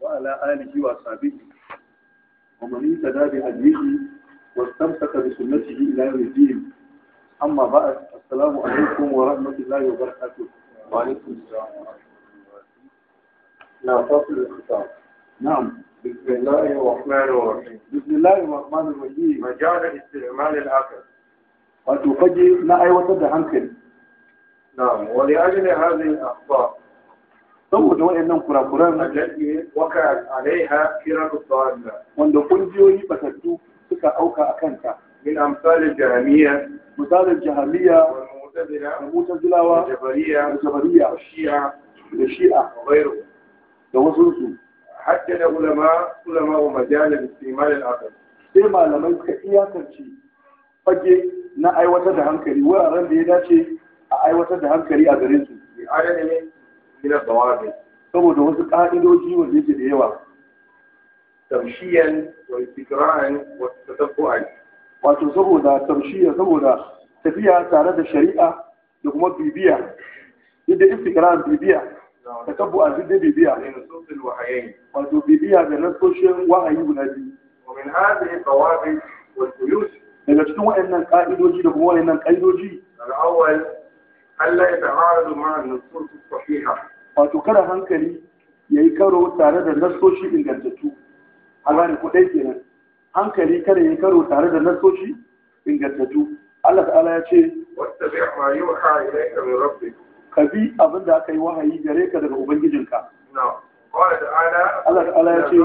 وعلى آله وأصحابه ومن اهتدى بهديه واستمسك بسنته إلى يوم الدين أما بعد السلام عليكم ورحمة الله وبركاته وعليكم السلام ورحمة الله نعم الخطاب نعم بسم الله الرحمن الرحيم بسم الله الرحمن الرحيم مجال استعمال العقل وتفجر لا أيوة هنكل نعم ولأجل هذه الأخبار saboda waɗannan kurakuran wanda ƙungiyoyi batattu suka auka a kanta min amsalin jahamiya misalin jahamiya da mutazilawa da jabariya da shi'a da wasu su hatta da ulama ulama wa majalis istimal al-aql sai malamai suka iyakance fage na aiwatar da hankali wuraren da ya dace a aiwatar da hankali a garin su من الضوابط saboda wasu ƙa'idoji wanda yake da yawa tamshiyan wa istikra'an wa tatabbu'an wato saboda tamshiya saboda tafiya tare da shari'a da kuma bibiya yadda istikra'an bibiya tatabbu'an duk da bibiya wato bibiya da nasoshin wahayi guda biyu ومن هذه الضوابط والبيوت daga cikin waɗannan ƙa'idoji da kuma waɗannan ƙa'idoji al'awwal Allah ya ta'aradu ma'a nusus sahiha wato kada hankali ya yi karo tare da nasoshi ingantattu a gane kudai ɗai kenan hankali kada ya yi karo tare da nasoshi ingantattu Allah ta'ala ya ce wattabi ma ka bi abin da aka yi wahayi gare ka daga ubangijinka Allah ta'ala ya ce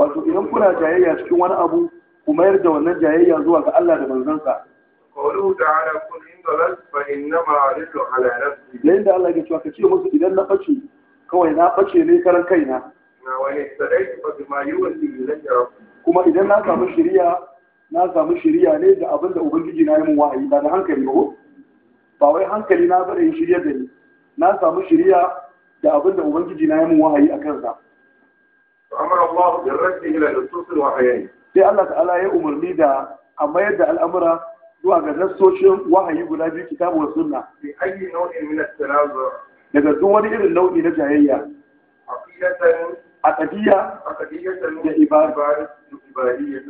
wato idan kuna jayayya cikin wani abu ku mayar da wannan jayayya zuwa ga Allah da manzansa قوله تعالى قل إن ضللت فإنما أضل على نفسي لين ده الله يجي وكتير مصر إذا نقشي kawai na ɓace ne karan kaina. Na wani sadai ba su ma yi Kuma idan na samu shiriya, na samu shiriya ne da abin Ubangiji na yi min wahayi da hankali ba Ba wai hankali na bada yin shirye da ni, na samu shiriya da abin da Ubangiji na yi min wahayi a kansa. Amara Allah da rashin ila da sosul Sai Allah ta'ala ya umarni da a mayar da al'amura zuwa ga nassoshin wahayi guda biyu kitabu wa sunna bi ayyi nau'in min at-tanazu daga duk wani irin nau'i na jayayya a qadiyya da ibadiyya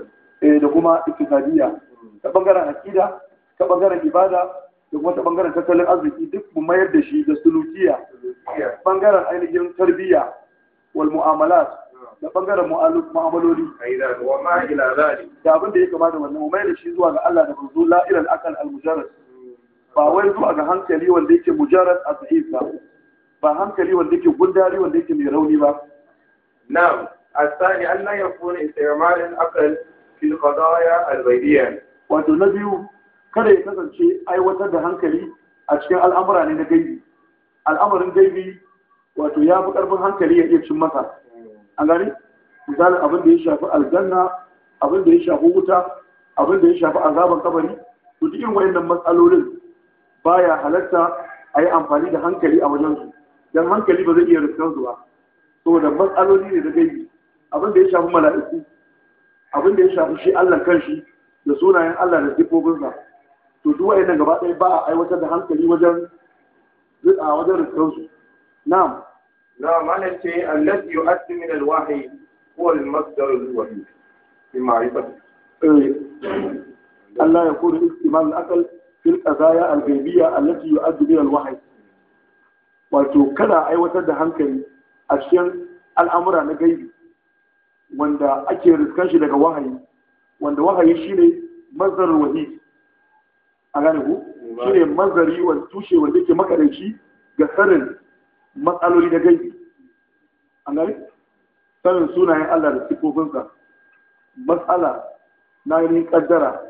eh, da kuma iktisadiyya ta bangaren aqida ta bangaren ibada da kuma ta bangaren tattalin arziki duk mu mayar da shi da sulukiya bangaren ainihin tarbiyya wal mu'amalat da bangaren mu'amaloli wa ma ila zali da abin da ya kamata wannan umai da shi zuwa ga Allah da manzo la ila al-aqal al-mujarrad ba wai zuwa ga hankali wanda yake mujarrad a sahih ba ba hankali wanda yake gundari wanda yake mai rauni ba na'am الثاني أن لا يكون استعمال العقل في al الغيبية wato na biyu kada ya kasance aiwatar da hankali a cikin al'amura ne na gaibi al'amarin gaibi wato ya fi ƙarfin hankali ya iya cin masa an gane misalin abin da ya shafi aljanna abin da ya shafi wuta abin da ya shafi azabar kabari to duk irin wayannan matsalolin baya halatta a yi amfani da hankali a wajen su dan hankali ba zai iya riskan su ba da matsaloli ne da gaibi abin da ya shafi mala'iku abin da ya shafi shi Allah kanshi da sunayen Allah da sa to duk wayannan gaba ɗaya ba a aiwatar da hankali wajen a wajen riskan su na'am na mana ce allazi yu'addu min al ko huwa al-masdar al-wahyi eh. Allah ya kuri istimal al-aql fil qadaya al-ghaybiyya allati yu'addu min al-wahyi wato kada aiwatar da hankali a cikin al'amura na gaibi wanda ake riskan shi daga wahayi wanda wahayi shi ne mazdarar wahi, a gane ku shine mazari wa tushe wanda yake makarici ga sarin matsaloli da gaibi an gari sanin sunayen Allah da sifofinsa matsala na yin kaddara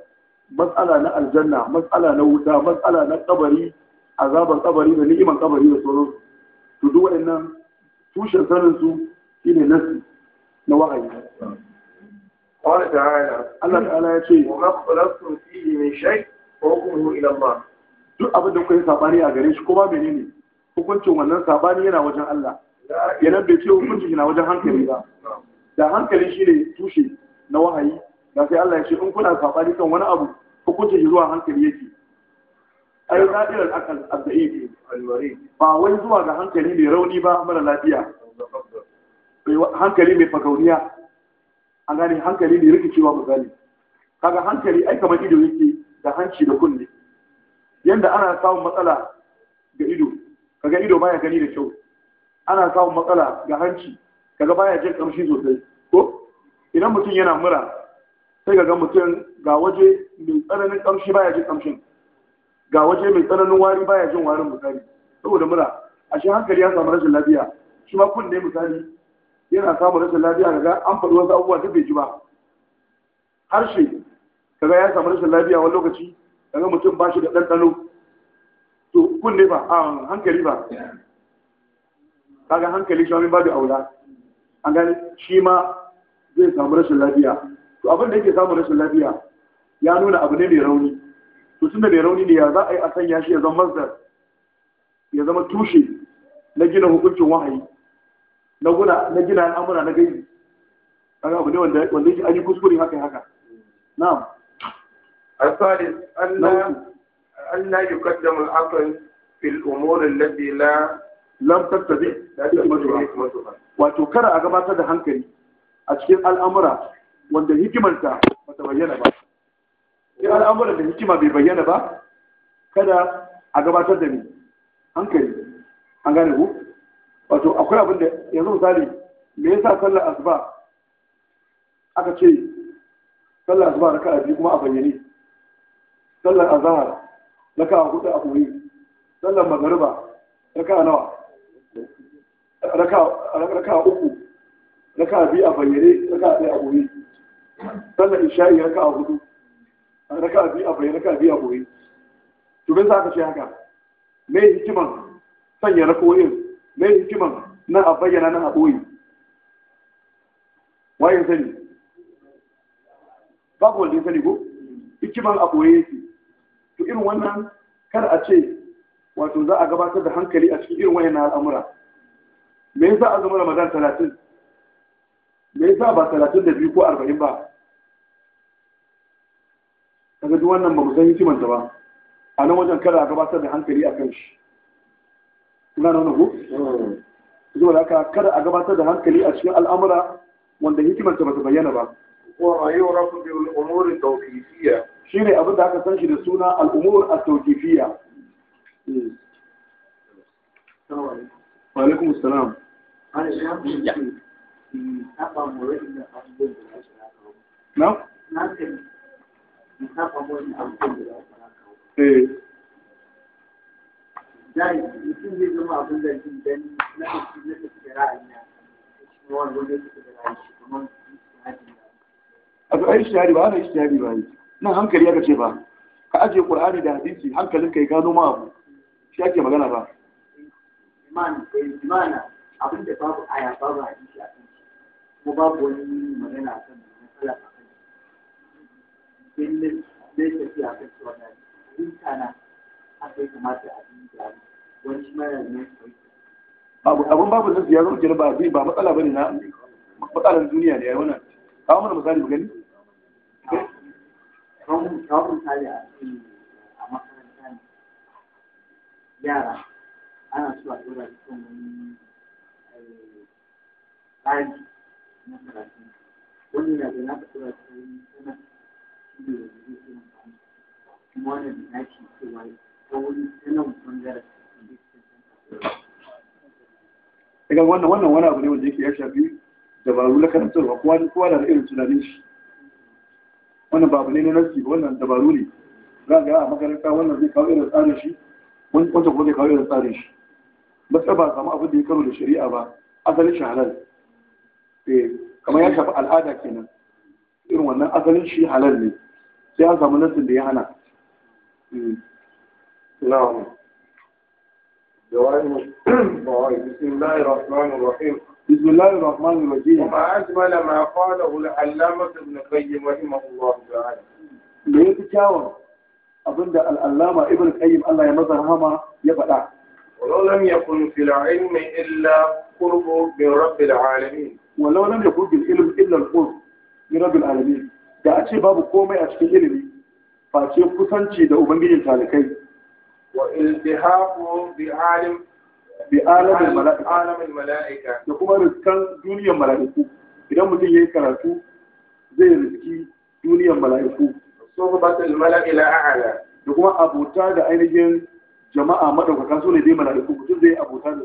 matsala na aljanna matsala na wuta matsala na kabari azabar kabari da ni'iman kabari da sauran Su duk waɗannan tushen sanin su shine nasi na wahayi قال تعالى الله تعالى يقول وما اختلفتم فيه من شيء فحكمه الى الله duk abin da kuka yi saɓani a gare shi kuma menene hukuncin wannan sabani yana wajen Allah kenan bai ce hukuncin shi na wajen hankali ba da hankali shi ne tushe na wahayi da sai Allah ya ce in kuna sabani kan wani abu hukuncin zuwa hankali yake ai zabirar akal abda'i ba wai zuwa ga hankali mai rauni ba mara lafiya hankali mai fagauniya an gane hankali mai rikicewa misali kaga hankali ai kamar ido yake da hanci da kunne yanda ana samun matsala ga ido Ka ga ido baya gani da kyau ana samun matsala ga hanci kaga baya jin kamshi sosai ko idan mutum yana mura sai ga mutum ga waje mai tsananin kamshi baya jin kamshin ga waje mai tsananin wari baya jin warin misali saboda mura a shi hankali ya samu rashin lafiya shi ma kunne misali yana samun rashin lafiya kaga an faɗi wasu abubuwa duk bai ji ba harshe kaga ya samu rashin lafiya wani lokaci kaga mutum ba shi da ɗanɗano kunne ba a hankali ba kaga hankali shi min babu aula an gani shi ma zai samu rashin lafiya to abin da yake samu rashin lafiya ya nuna abu ne mai rauni to tunda mai rauni ne ya za a yi a sanya shi ya zama mazdar ya zama tushe na gina hukuncin wahayi na na gina al'amura na gaibi kaga abu ne wanda wanda yake an yi kuskure haka haka na'am الثالث أن لا يقدم العقل في الأمور التي لا لم تتبع حكمتها wato kada a gabatar da hankali a cikin al'amura wanda hikimanta ba ta bayyana ba cikin al'amura da hikima bai bayyana ba kada a gabatar da ni hankali an gane ku wato akwai abin da yanzu misali me yasa sallar asuba aka ce sallar asuba raka'a biyu kuma a bayyane sallar azhar raka'a hudu a koyi sallar magariba raka nawa raka uku raka biyu a bayyane raka ɗaya a gobe sallar isha'i raka a hudu raka biyu a bayyane raka biyu a gobe to bai za ka ce haka me hikiman sanya rakoyin me hikiman na a bayyana na a ɓoye waye sani babu wanda ya sani ko hikiman a ɓoye yake to irin wannan kar a ce wato za a gabatar da hankali a cikin irin wayan al'amura me yasa zama ramadan talatin me yasa ba talatin da biyu ko arba'in ba kaga duk wannan ba mu san hikimanta ba a nan wajen kada a gabatar da hankali a kan shi kuna nuna ku zuwa haka kada a gabatar da hankali a cikin al'amura wanda hikimanta ba ta bayyana ba wa yurafu bil umuri Shi ne abin da aka san shi da suna al'umur a at Wa'alaikun salam. Na? Eh. Jari, mutum zai zama abin da jin dan na tafi na tafi da ra'ayi na, shi wani wani tafi da ra'ayi shi kamar abu ai ishtihadi ba ana ishtihadi ba nan hankali ba ka ajiye da hadisi ya gano ma abu shi ake magana ba imana eh, abin da babu aya babu hadisi a kan shi, kuma babu wani magana a kan matsala a kan sai ne ne tafi a kan cewa na rinta na aka yi kamata a bin da wani shi mara ne Abin babu zai ya zauke ba zai ba matsala bane na matsalar duniya ne ya wannan kawo mana misali mu gani kawo misali a cikin yara ana so a su kan wani tsari eh, na karatu wani na da naka ɗora cikin sana shi ne da zai ke amfani kuma wannan da nake cewa ta wani wani bangaren daga wannan wannan wani abu ne wanda yake ya shafi dabaru na karantarwa kowa kowa da irin tunanin shi wannan babu ne na nasi wannan dabaru ne za ga a makaranta wannan zai kawo irin tsarin shi mun kuma zai kawo tsarin shi matsar ba samu abin da ya karo da shari'a ba asalin shi halal eh, kamar ya shafi al'ada kenan irin wannan asalin shi halal ne sai an samu nasin da ya hana hmm. na'am بسم الله الرحمن الرحيم بسم الله الرحمن الرحيم وما أجمل ما قاله العلامة ابن قيم رحمه الله تعالى. abinda al'allama ibn qayyim Allah ya maza rahama ya faɗa walau ya kun fil ilmi illa qurbu bi rabbil alamin walau lam yakun fil ilmi illa al qurb bi rabbil alamin da a ce babu komai a cikin ilimi face kusanci da ubangijin talikai wa iltihafu bi alim bi alamin mala'ika da kuma riskan duniyar mala'iku idan mutum ya yi karatu zai riski duniyar mala'iku suhbatul mala'i a'la da kuma abota da ainihin jama'a madaukakan su ne dai mala'iku mutum zai abota da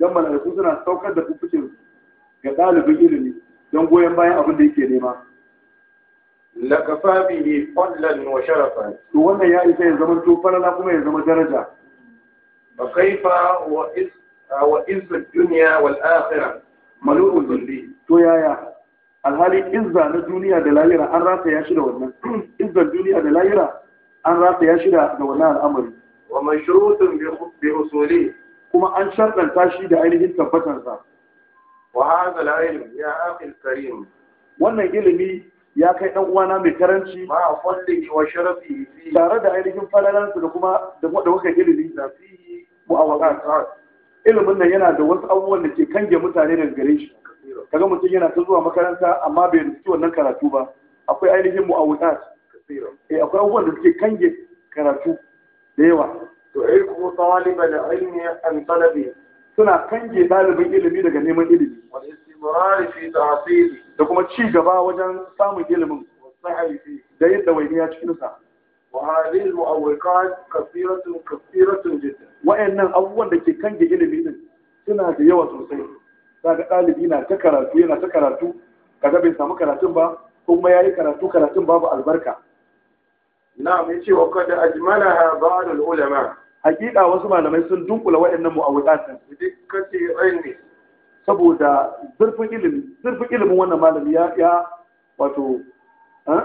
dan mala'iku suna saukar da fufucin ga ɗalibin ilimi don goyon bayan abin da yake nema lakafa bihi fadlan wa sharafa to wannan ya isa ya zama to falala kuma ya zama daraja fa kaifa wa is wa izzu dunya wal akhirah malu'un to yaya alhali izza na duniya da lahira an rasa ya shi da wannan lahira an rataya shi ga wannan al'amari wa mashrutun bi usuli kuma an sharɗanta shi da ainihin tabbatarsa wa hadha al-ilm ya akhi al-karim wannan ilimi ya kai ɗan uwana mai karanci ma fadlihi wa sharafi tare da ainihin su da kuma da kuka ilimi da fihi mu'awaqat ilimin nan yana da wasu abubuwan da ke kange mutane daga gare shi kaga mutum yana ta zuwa makaranta amma bai rubuci wannan karatu ba akwai ainihin mu'awaqat eh akwai abubuwan da suke kange karatu da yawa to ai kuma taliban ilmi an talabi suna kange dalibin ilimi daga neman ilimi wal istimrar fi tahsil da kuma ci gaba wajen samun ilimin da yin ya cikin sa wa hadhihi al-mu'awwiqat kathiratun kathiratun jiddan wa'annan abubuwan da ke kange ilimi din suna da yawa sosai kaga ɗalibi na ta karatu yana ta karatu kaga bai samu karatun ba kuma yayi karatu karatun babu albarka na'am yace wa qad ajmalaha ba'd al-ulama hakika wasu malamai sun dunkula waɗannan mu'awwidatin dikkati ilmi saboda zurfin ilimi zurfin ilimin wannan malami ya ya wato eh?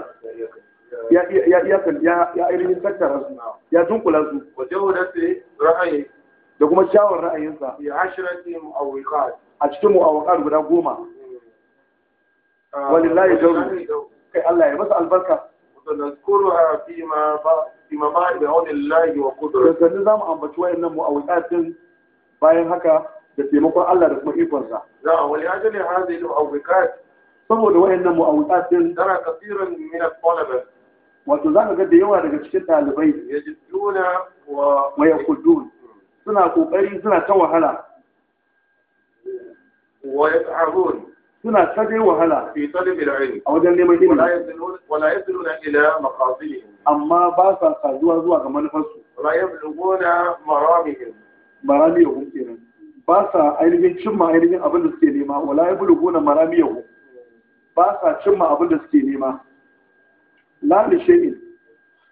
ya ya ya ya ya ainihin tattara su ya dunkula su wa jawdati ra'ayi da kuma shawar ra'ayinsa ya ashrati mu'awwiqat a cikin mu'awwiqat guda goma hmm. ah, walillahi jawdu kai Allah ya masa albarka sanazkuruha fi ma ba fi ma ba bi audillahi wa qudratihi dan zamu ambaci wayannan mu'awqat din bayan haka da taimakon Allah da kuma ikonsa za a wali ajali hadhihi al-mu'awqat saboda wayannan mu'awqat din tana kafiran min al-talaba wato za ka ga da yawa daga cikin ɗalibai yajiduna wa yaqudun suna kokari suna ta wahala wa yat'abun suna ta dai wahala fi talib al-ilm a wajen neman ilimi wala yasluna ila maqasidihim amma ba sa kazuwa zuwa ga manufarsu wala yabluguna maramihim maramihum kenan ba sa ainihin cimma ainihin abin da suke nema wala yabluguna maramihum ba sa cimma abin da suke nema la li shay'in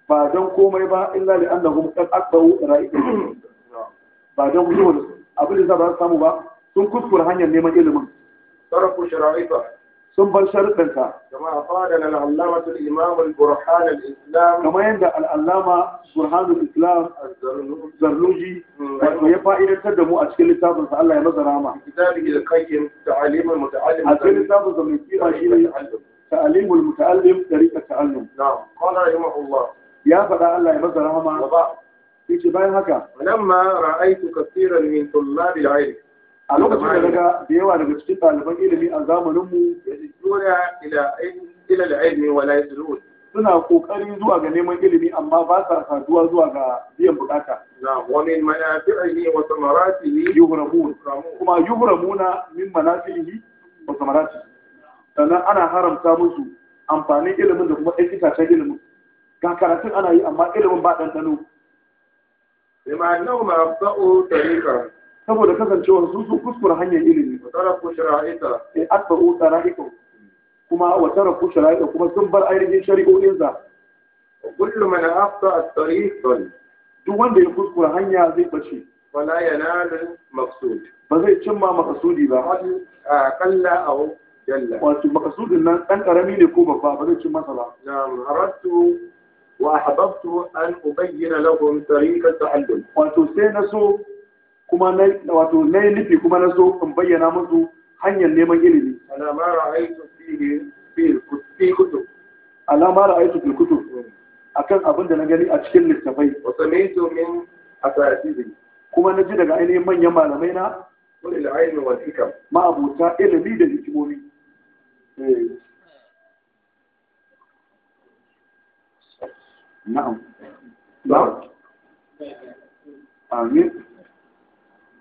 ba dan komai ba illa li annahum qad aqdaw ra'ihim ba dan gudun abin da za ba samu ba sun kuskura hanyar neman ilimin تركوا شرائطه sun bar sharuɗinka kama fara lal allama tul imam al burhan al islam kama yanda al allama burhan al islam zarnuji wato da mu a cikin littafin sa Allah ya masa rahama a cikin littafin sa mai kira shi ne ta'alim al muta'allim tariqat ta'allum na'am qala rahimahullah ya faɗa Allah ya bayan haka lamma ra'aytu kaseeran min tullab a lokacin da daga da yawa daga cikin ɗaliban ilimi a zamaninmu ila da aini wala yasrun suna ƙoƙarin zuwa ga neman ilimi amma ba sa saduwa zuwa ga biyan bukata na wa min manafi'ihi wa samaratihi yuhramun kuma yuhramuna min manafi'ihi wa samaratihi sannan ana haramta musu amfanin ilimin da kuma ɗan ta ilimin ga karatun ana yi amma ilimin ba ɗanɗano. Lima nau ma fa'o tarikar saboda kasancewar su sun kuskura hanyar ilimi sai akba u tsara'iku kuma wa taraku shara'iku kuma sun bar ainihin shari'o'insa kullu man afta at-tariq duk wanda ya kuskura hanya zai bace wala yanalu maqsud ba zai cimma maqsudi ba a kalla aw jalla wato maqsudin nan dan karami ne ko babba ba zai cimma ba na'am aradtu wa ahbabtu an ubayyana lahum tariqat ta'allum wato sai na so kuma na wato na yi nufi kuma na so in bayyana musu hanyar neman ilimi alamara aitu fi kutub alamara aitu fi kutub akan abin da na gani a cikin littafai wa sami'tu min asatizi kuma na ji daga ainihin manyan malamai na ulil ilmi wal hikam ma abuta ilimi da hikimomi eh. na'am na'am amin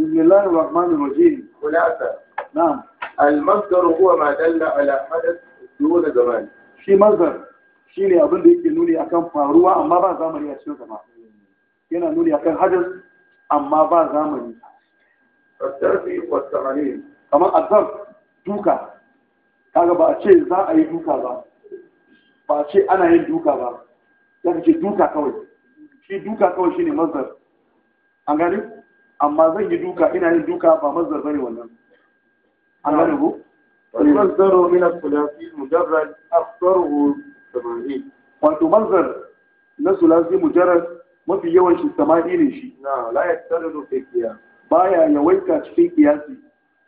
بسم الله الرحمن الرحيم خلاصة نعم المصدر هو ما دل على حدث دون زمان شي مصدر shi ne abin da yake nuni akan faruwa amma ba zamani a cikin sama yana nuni akan hadas amma ba zamani kamar azab duka kaga ba a ce za a yi duka ba ba a ce ana yin duka ba ya ka ce duka kawai shi duka kawai shine ne an gani amma zan yi duka ina yin duka ba mazar bane wannan an gane ku والمصدر من الثلاثي المجرد أكثره 80 wato mazar na sulasi mujarrad mafi yawan shi samadi ne shi na la yaktaridu fi qiyas baya yawaita cikin qiyasi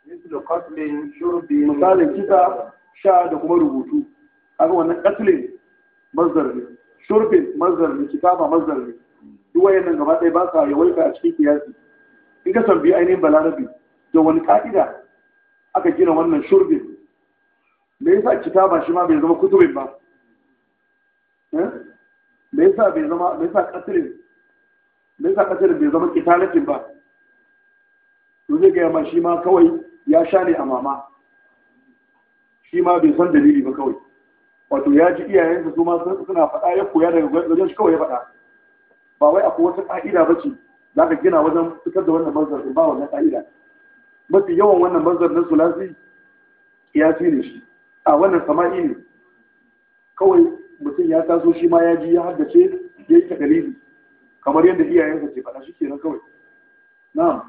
mislu qatlin shurbi misalin kisa sha da kuma rubutu kaga wannan qatlin mazar ne shurbi mazar ne kitaba mazar ne duk nan gaba ɗaya ba sa yawaita a cikin kiyasi. in ka tambayi ainihin balarabi da wani ka'ida aka gina wannan shurbin me yasa ba shi ma bai zama kutubin ba eh? me yasa bai zama me yasa kasirin me yasa kasirin bai zama kitalatin ba to zai gaya ma shi ma kawai ya sha ne a mama shi ma bai san dalili ba kawai wato ya ji iyayensa su ma suna faɗa ya koya daga wajen shi kawai ya faɗa ba wai akwai wata ƙa'ida ba ce za ka gina wajen fitar da wannan manzar in ba wannan ka'ida mafi yawan wannan manzar na sulasi ya fi ne shi a wannan sama'i ne kawai mutum ya taso shi ma ya ji ya haddace ya yi takalili kamar yadda iyayensa ke faɗa shi kenan kawai na'am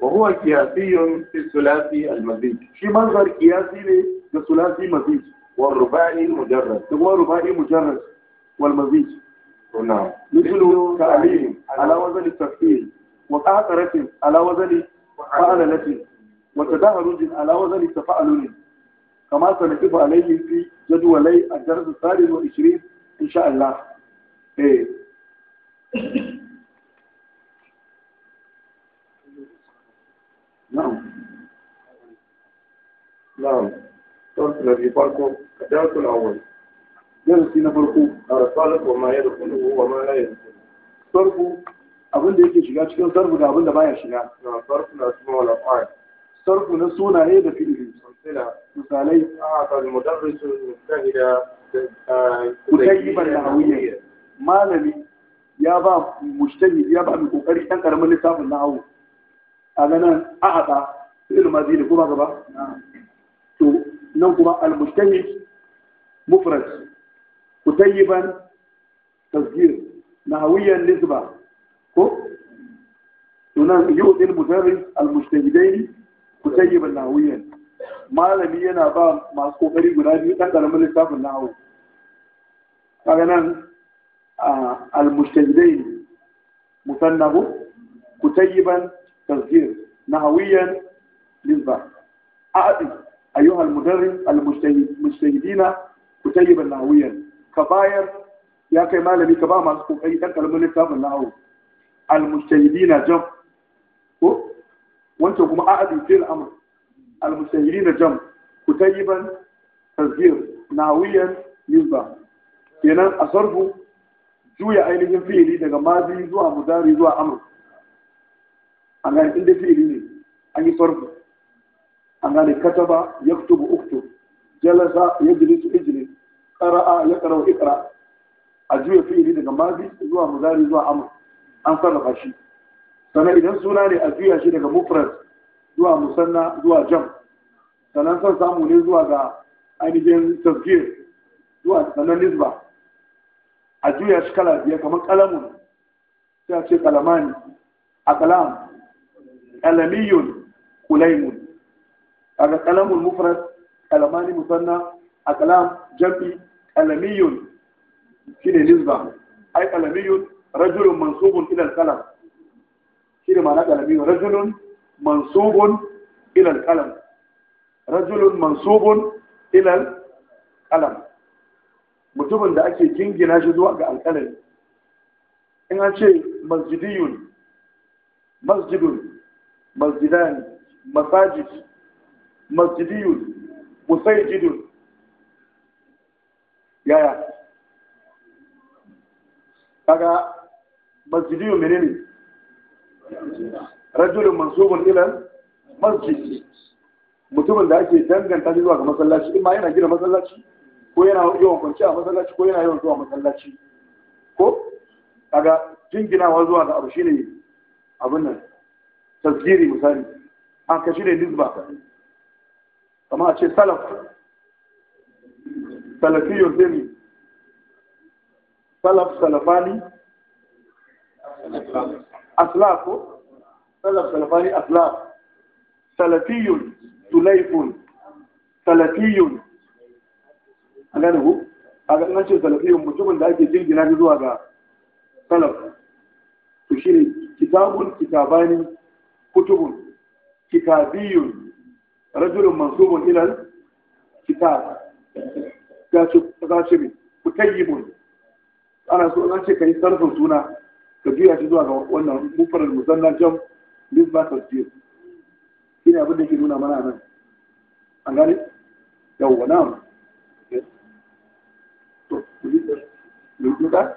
wa huwa qiyasiyun fi sulasi al-mazid shi manzar qiyasi ne da sulasi mazid wal ruba'i mujarrad da kuma ruba'i mujarrad wal mazid نعم مثل تعليم على وزن التفكير وقعقرة على وزن فعللة وتدهرج على وزن تفعلل كما سنقف عليه في جدولي الدرس الثالث والعشرين إن شاء الله إيه. نعم نعم الدرس طيب، الذي فاتكم الدرس الأول darasi na farko a rasalin wa ma ya da kunu wa ma la ya da sarfu abin da yake shiga cikin sarfu da abin da baya shiga na sarfu na suna wala fa'il sarfu na sunaye da fi'ili misalai a kan mudarrisu mustahida kutayyiban nahawiyya malami ya ba mujtahid ya ba mu kokari dan karamin lissafin nahawu a ganin a'ada fi'il mazi da kuma gaba to nan kuma al-mujtahid mufrad كتيبا تصدير نهويا نسبة كتيبا يؤذي المدرس المجتهدين كتيبا نهويا ما لم ينا با ما سوفري غنادي تقدر من لساب النهو فأنا آه، المجتهدين مثنب كتيبا تصدير نهويا نسبة أعطي أيها المدرس المجتهدين كتيبا نهويا ka bayar ya kai malami ka ba masu kokari dan kalmar littafin na al-mustahidina jam ko wancan kuma a'adu fil amr al-mustahidina jam kutayiban tazkir nawiyan yuzba kenan a sarfu juya ainihin fi'ili daga mazi zuwa mudari zuwa amr an gane inda fi'ili ne an yi sarfu an gane kataba yaktubu uktub jalasa yajlisu ijlis qara'a ya qara'u iqra a juya fi'ili daga mazi zuwa muzari zuwa amr an sarrafa shi sannan idan suna ne a juya shi daga mufrad zuwa musanna zuwa jam sannan san samu ne zuwa ga ainihin tasgir zuwa sannan nisba a juya shi kala biyar kamar kalamun sai a ce kalamani a kalam kalamiyun kulaimun kaga kalamun mufrad kalamani musanna a kalam jam'i qalamiyun shine nisba ai qalamiyun rajulun mansubun ila al-qalam shine ma'ana qalamiyun rajulun mansubun ila al-qalam rajulun mansubun ila al-qalam mutumin da ake gingina shi zuwa ga alƙalami in an ce masjidiyun masjidun masjidan masajid masjidiyun musajidun yaya kaga masjidiyu menene rajulun mansubun ilan masjid mutumin da ake danganta zuwa ga masallaci in ma yana gina masallaci ko yana yawan kwanci a masallaci ko yana yawan zuwa masallaci ko kaga jinginawa zuwa ga abu shine abin nan tasgiri misali an kashi ne nisba kama a ce salaf salafiyo sai ne salaf salafani aslaf ko salaf salafani aslaf salafiyun sulaifun salafiyun a gane ku salafiyun mutumin da ake jirgina zuwa ga salaf to shi ne kitabun kitabani kutubun kitabiyun ku gashirin kutayyibun ana so an ce ka yi sarfin suna ka juya shi zuwa ga wannan mufarar musanna jam nisba tasjir shi ne abin da ke nuna mana nan an gane yawwa na'am to luka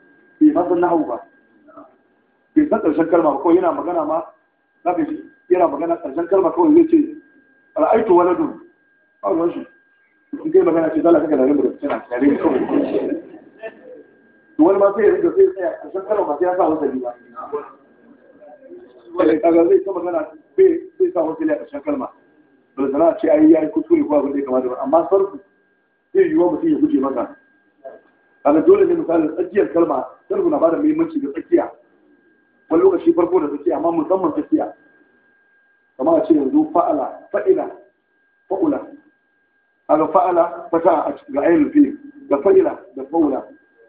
bai ma san nahawu ba bai san ƙarshen kalma ko yana magana ma za ka yana magana ƙarshen kalma kawai zai ce ra'aitu waladun ba ruwan shi in kai magana ce zala kaka da rimbar tana tare da kawai to wani ma sai ya rinka sai tsaya ƙarshen kalma ba sai ya sa wasali ba kaga zai ta magana bai sa wasali a ƙarshen kalma da sana'a ce ai ya yi kuskure ko abin da ya kamata ba amma sarfu zai yiwuwa mutum ya guje maka kaga dole ne misalin tsakiyar kalma sarfu na bada muhimmanci ga tsakiya wani lokaci farko da tsakiya amma musamman tsakiya kamar a ce yanzu fa'ala fa'ila fa'ula ga fa'ala fata ga ainihin fiye Ga fa'ila da fa'ula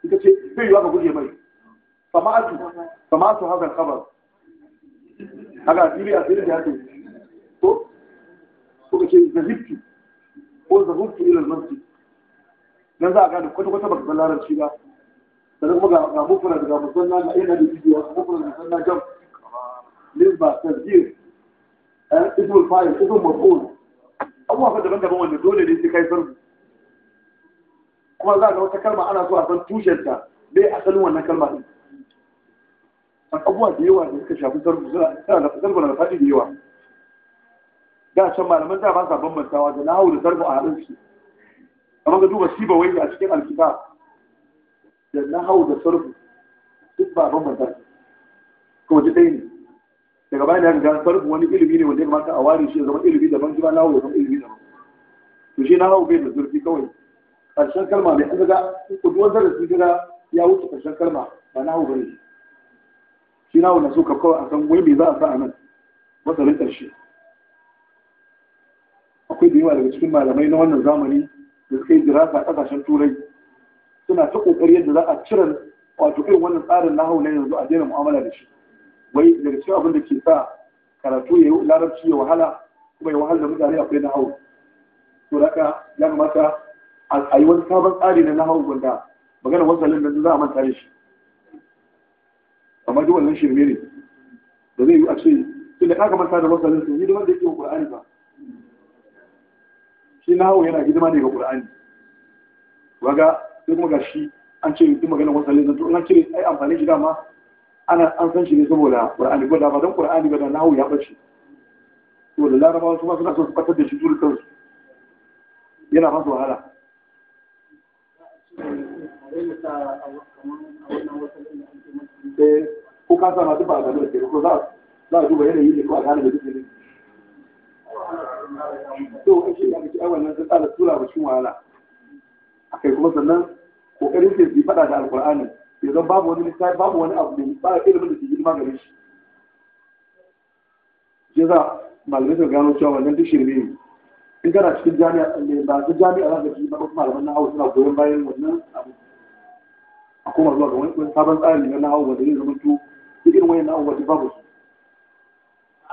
ita ce bai yiwa ka guje mai fama'atu fama'atu hazar khabar haka a asiri da yake ko ko ce zahibtu ko zahibtu ila al-masjid dan za a gane kwata kwata baka san larabci ba sannan kuma ga mufura da ga musanna ga ina da bidiyo ga mufura da musanna jam nisba tasbir eh ismul fa'il ismul maf'ul abubuwa fa daban-daban wanda dole ne sai kai sarfu kuma za ga wata kalma ana so a san ta bai asalin wannan kalma din abubuwa da yawa da suka shafi sarfu suna da sarfu na faɗi da yawa da can malaman da ba sa bambantawa da nahawu da sarfu a haɗin shi kamar ka duba siba wai a cikin alkita da na hau da sarfu duk ba ban banta ko ji dai ne daga bayan ya ga sarfu wani ilimi ne wanda ya kamata a ware shi ya zama ilimi daban kuma na hau da zama ilimi daban to shi na hau bai da zurfi kawai karshen kalma mai an ga da su gida ya wuce karshen kalma ba na hau bane shi na hau na so ka kawai a san wai me za a sa a nan masarin karshe akwai da yawa daga cikin malamai na wannan zamani da suka yi dirasa a ƙasashen turai suna ta kokari yadda za a cire wato irin wannan tsarin na na yanzu a daina mu'amala da shi wai daga cikin abin da ke sa karatu ya yi larabci ya wahala kuma ya wahala da mutane akwai na hau to haka ya kamata a yi wani sabon tsari na nahau wanda magana wasalin da za a manta da shi amma duk wannan shirme ne da zai yi a ce tun da ka kamata da wasalin sun yi da wanda yake wa ƙur'ani ba shi nahawu yana hidima ne ga qur'ani waga sai kuma gashi an ce duk maganar wasu halittar to an cire ai amfani shi dama ana an san shi ne saboda qur'ani ko da ba don qur'ani ba da nahawu ya bace to da larabawa su ba su so su fatar da shi dole kansu yana ba su wahala eh, ko ka sa ma duk ba a gano da ke ko za a duba yanayi ne ko a gane da duk ne to shi da ai wannan sun tsara tura ba cikin wahala akai kuma sannan kokarin sai bi faɗa da alqur'ani yanzu babu wani misali babu wani abu da ba ilimin da ke girma gare shi je za malamai su gano cewa wannan duk shirme ne in kana cikin jami'a ne eh, ba su jami'a za ka ji ba kuma malaman na hau suna goyon bayan wannan abu a koma zuwa ga wani sabon tsari na nahawu da zai zama to irin wayan na wanda babu su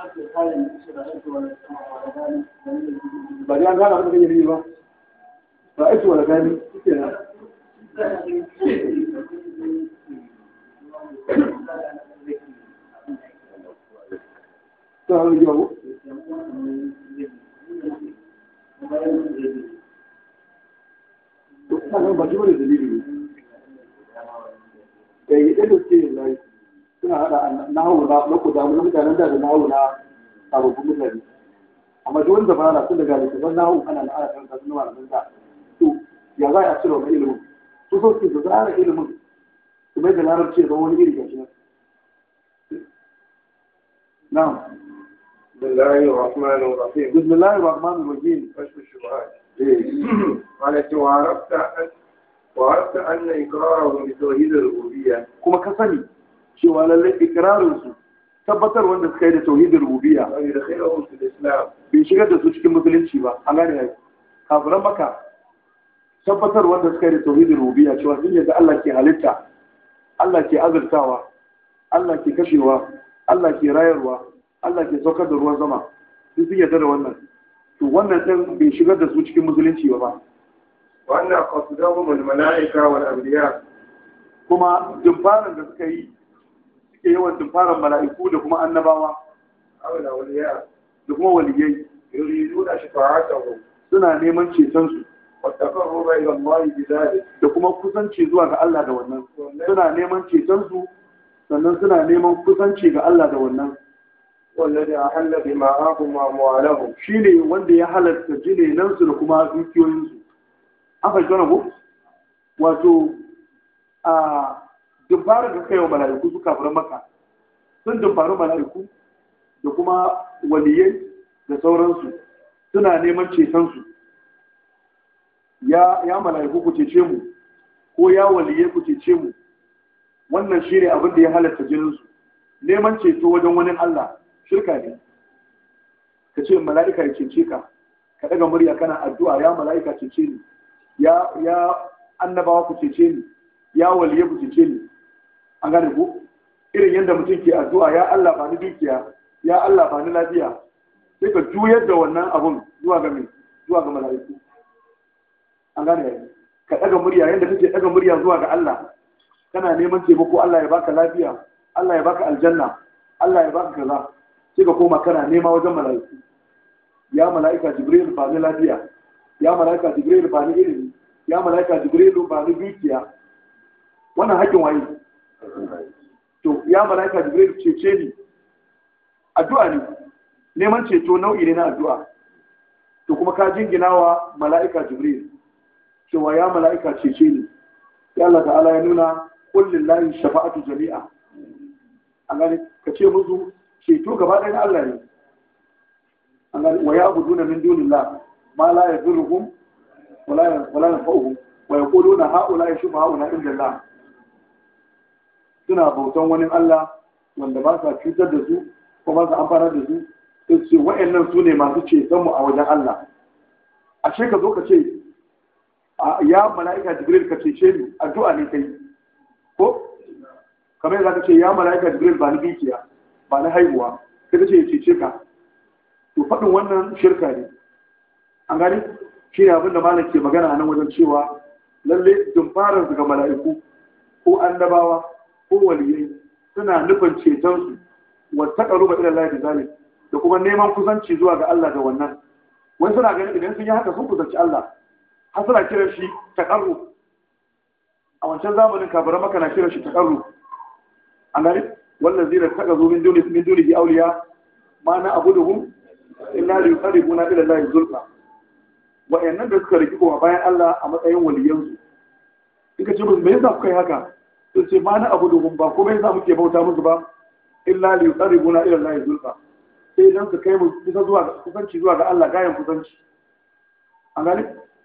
ba dai gane abin da kake nufi ba ba aiki wala gani suke nan ta hannun gina suna haɗa nahawu na loko da wani mutanen da da nahawu na sababbin mutane amma duk wanda fara sun daga littafin nahawu ana da ana karanta suna malamin da to ya za a cire wani ilimin su so su tsara ilimin su mai da larabci da wani iri gashi نعم بسم الله الرحمن الرحيم بسم الله الرحمن الرحيم كشف الشبهات قالت وعرفت وعرفت ان اقرارهم بتوحيد الربوبيه كما كسني cewa lallai ikirarin su tabbatar wanda suka yi da tauhidin rububiyya bai shigar da su cikin musulunci ba a gane ya kafiran maka tabbatar wanda suka yi da tauhidin rubiya cewa sun yadda Allah ke halitta Allah ke azurtawa Allah ke kashewa Allah ke rayarwa Allah ke saukar da ruwan zama, sun sun yadda da wannan to wannan din bai shigar da su cikin musulunci ba wannan qasdahum al malaika wal anbiya kuma dubbaran da suka yi suke yawan tumfarar mala'iku da kuma annabawa da kuma waliyai suna neman cetonsu da kuma kusanci zuwa ga Allah da wannan suna neman cetonsu sannan suna neman kusanci ga Allah da wannan wallahi ahalla bima ahum wa amwalahum shine wanda ya halatta su da kuma dukiyoyinsu an fahimta ko wato a dubbarar da kaiwa mala'iku su kafirin maka sun dubbaru mala'iku da kuma waliyai da sauransu suna neman cetonsu ya ya mala'iku ku cece mu ko ya waliyai ku cece mu wannan shine abin da ya halatta jininsu neman ceto wajen wani Allah shirka ne ka ce mala'ika ya cece ka ka daga murya kana addu'a ya mala'ika cece ni ya ya annabawa ku cece ni ya waliyai, ku cece ni an gane ku irin yadda mutum ke addu'a ya Allah ba ni dukiya ya Allah ba ni lafiya sai ka juyar da wannan abun zuwa ga mai zuwa ga mala'iku an gane ka daga murya yadda kake daga murya zuwa ga Allah kana neman taimako Allah ya baka lafiya Allah ya baka aljanna Allah ya baka kaza sai ka koma kana nema wajen mala'iku ya mala'ika jibril ba ni lafiya ya mala'ika jibril ba ni ilimi ya mala'ika jibril ba ni dukiya wannan hakkin waye to ya malaika jibril cece ni addu'a ne neman ceto nau'i ne na addu'a to kuma ka jingina wa mala'ika jibril cewa ya mala'ika cece ni ya Allah ta'ala ya nuna kullin layin shafa'atu jami'a an gani ka ce musu ceto gaba ɗaya na Allah ne an gani wa na min dunillah ma la yadurruhum wala yanfa'uhum wa yaquluna ha'ula'i yashubu ha'ula inda Allah suna bautan wani Allah wanda ba sa cutar da su ko ba sa amfana da su sai ce wa'annan su ne masu ce mu a wajen Allah ashe ka zo ka ce ya mala'ika jibril ka cece ni addu'a ne kai ko kamar yadda ka ce ya mala'ika jibril ba ni bikiya ba ni haihuwa sai ka ce ya cece ka to faɗin wannan shirka ne an gani shi ne abin da malam ke magana a nan wajen cewa lalle dumfarar daga mala'iku ko annabawa ko waliyai suna nufin cetonsu wa ba ila Allah bizalik da kuma neman kusanci zuwa ga Allah da wannan wani suna ganin idan sun yi haka sun kusanci Allah har suna kiran shi taqarrub a wancan zamanin kafiran maka na kiran shi taqarrub an gani wannan zira ta zuwa min duni min auliya ma na abu da abuduhum illa li yuqarribuna ila Allah zulfa wa'annan da suka rikiko kuma bayan Allah a matsayin waliyansu Ika ce musu me yasa kuka yi haka su ce ma na abu dogon ba kuma yasa muke bauta musu ba illa li yuqarribuna ila Allah zulfa sai dan su kai mu kusa zuwa ga kusanci zuwa ga Allah gayan kusanci an gani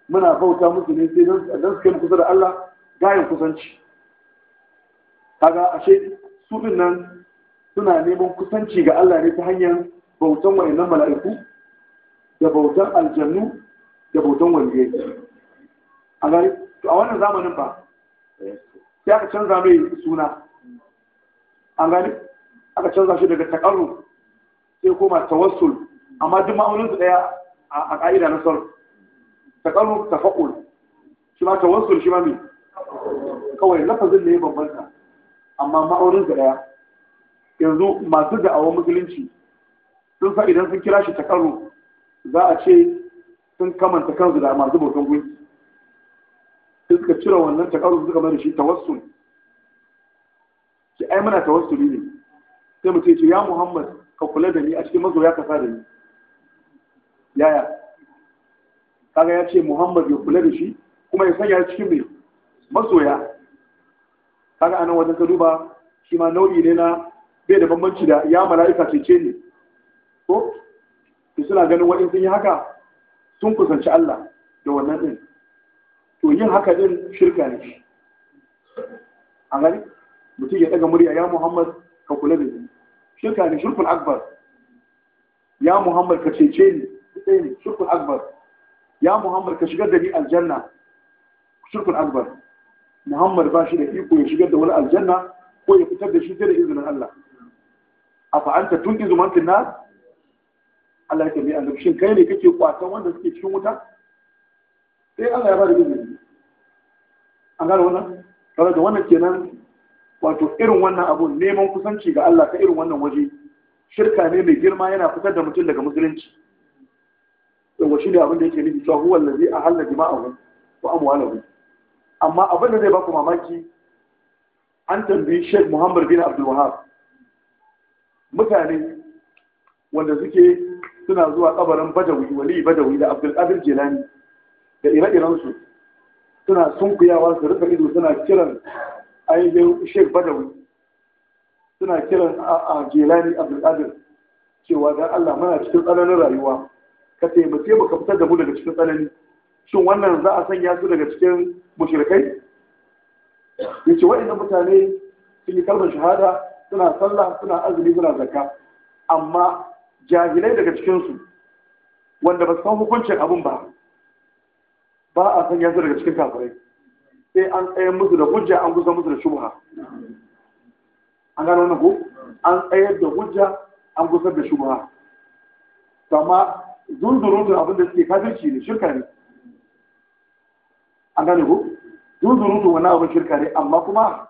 muna bauta musu ne sai dan dan su kai mu kusa da Allah gayan kusanci kaga ashe su din nan suna neman kusanci ga Allah ne ta hanyar bautan wayannan mala'iku da bautan aljannu da bautan waliyai a gani to a wannan zamanin ba sai aka canza mai suna an gani aka canza shi daga takarru sai koma tawassul amma duk ma'aunin su daya a ka'ida na sarf takarru tafaqul shi ma tawassul shi ma mai kawai lafazin ne bambanta amma ma'aunin su daya yanzu masu awon musulunci sun sa idan sun kira shi takarru za a ce sun kamanta kansu da masu bautan gunki sai suka cire wannan takarun suka mai da shi tawassul ki ai muna tawassuli ne sai mutum ya ce ya Muhammad ka kula da ni a cikin mazoya ya kasa da ni yaya kaga ya ce Muhammad ya kula da shi kuma ya sanya cikin mai masoya kaga anan wajen ka duba shi ma nau'i ne na bai da bambanci da ya mala'ika cece ne ko suna ganin waɗin sun yi haka sun kusanci Allah da wannan ɗin to yin haka din shirka ne shi a gani mutum ya daga murya ya muhammad ka kula da ni shirka ne shirkul akbar ya muhammad ka cece ni sai ne shirkul akbar ya muhammad ka shigar da ni aljanna shirkul akbar muhammad ba shi da iko ya shigar da wani aljanna ko ya fitar da shi sai da izinin allah a fa'anta tun izuman finna Allah ya tambaye annabi shin kai ne kake kwatan wanda suke cikin wuta sai Allah ya ba da izini an gane wannan kaga da wannan kenan wato irin wannan abu neman kusanci ga Allah ta irin wannan waje shirka ne mai girma yana fitar da mutum daga musulunci yawa shi ne abin da yake nufi cewa huwa allazi ahalla jima'ahu wa amwaluhu amma abin da zai baku mamaki an tambayi Sheikh Muhammad bin Abdul Wahhab mutane wanda suke suna zuwa kabarin Badawi wali Badawi da Abdul Qadir Jilani da ire-irensu suna sunkuyawa su rufe ido suna kiran ainihin Sheikh Badawi suna kiran a Gelani Abdulkadir cewa dan Allah muna cikin tsananin rayuwa ka taimake mu ka fitar da mu daga cikin tsanani shin wannan za a sanya su daga cikin mushrikai yace mutane sun yi kalmar shahada suna sallah suna azumi suna zakka amma jahilai daga cikinsu wanda ba su san hukuncin abin ba ba a sanya yanzu daga cikin kafirai sai an tsayar musu da hujja an gusa musu da shubha an gano wannan ko an tsayar da hujja an gusa da shubha amma zunzurun da abin da suke kafirci ne shirka ne an gane ko zunzurun da wani abin shirka ne amma kuma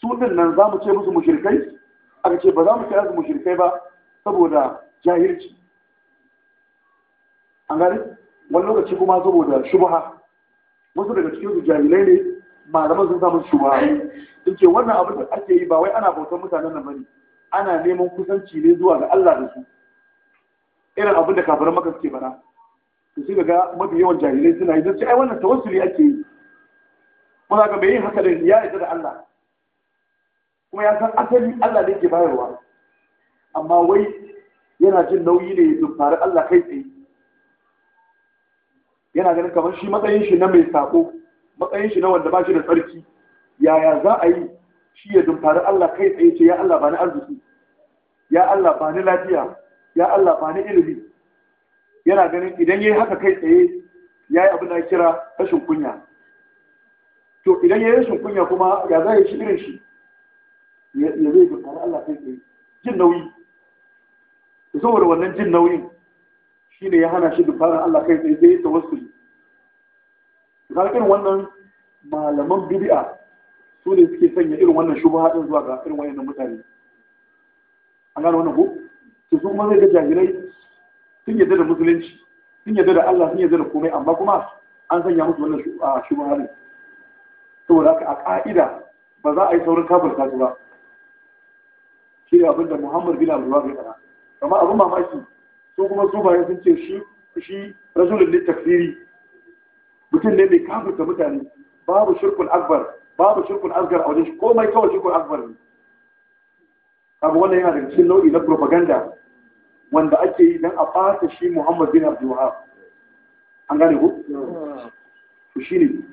su nan za mu ce musu mushrikai aka ce ba za mu ce su mushrikai ba saboda jahilci an gane wani lokaci kuma saboda shubha wasu daga cikin su jahilai ne malaman sun samu shubha sun ce wannan abin da ake yi ba wai ana bautar mutanen nan bane ana neman kusanci ne zuwa ga Allah da su irin abin da kafiran maka suke bana. to sai ga mafi yawan jahilai suna yi don ce ai wannan tawassuli ake yi kuma ga yin haka da ya yarda da Allah kuma ya san asali Allah ne ke bayarwa amma wai yana jin nauyi ne ya fara Allah kai tsaye yana ganin kamar shi matsayin shi na mai sako matsayin shi na wanda ba shi da tsarki yaya za a yi shi ya dumfari Allah kai tsaye ce ya Allah ba ni arziki ya Allah ba ni lafiya ya Allah ba ni ilimi yana ganin idan yayi haka kai tsaye ya yi abin da kira rashin kunya to idan ya yi rashin kunya kuma ya za ya shi irin shi ya zai dumfari Allah kai tsaye jin nauyi saboda wannan jin nauyin shi ne ya hana shi dumfarin Allah kai tsaye zai yi tawassul ga irin wannan malaman bid'a su ne suke sanya irin wannan shubha haɗin zuwa ga irin wayannan mutane an gano wannan ko su kuma zai ga jahilai sun yarda da musulunci sun yarda da Allah sun yarda da komai amma kuma an sanya musu wannan shubha din saboda haka a ƙa'ida ba za a yi saurin kafirta su ba shi ne abin da Muhammad bin Abdullah ya faɗa amma abin mamaki su kuma su bayan sun ce shi shi rasulun littafiri mutum ne mai kafirta mutane babu shirkun akbar babu shirkun asgar a wajen komai kawai shirkun akbar ne abu wannan yana daga cikin nau'i na propaganda wanda ake yi don a ɓata shi muhammad bin abdul an gane ku to shine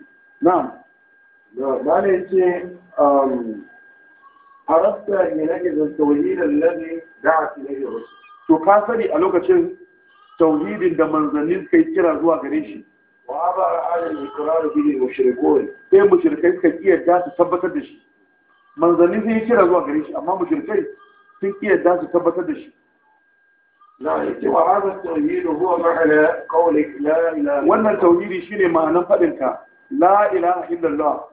na'am na ne ce um, arabta ila idan tawhid allazi da'a ilayhi rasul to ka sani a lokacin tauhidin da manzannin kai kira zuwa gare shi wa ba ra'ayin ikraru bihi mushrikun sai mushrikai suka kiyarda su tabbatar da shi manzanni sun yi kira zuwa gare shi amma mushrikai sun iya da su tabbatar da shi la yake wa hadha tauhid huwa ma'ana qawlik la ilaha wannan tauhidi shine ma'anan fadin ka la ilaha illallah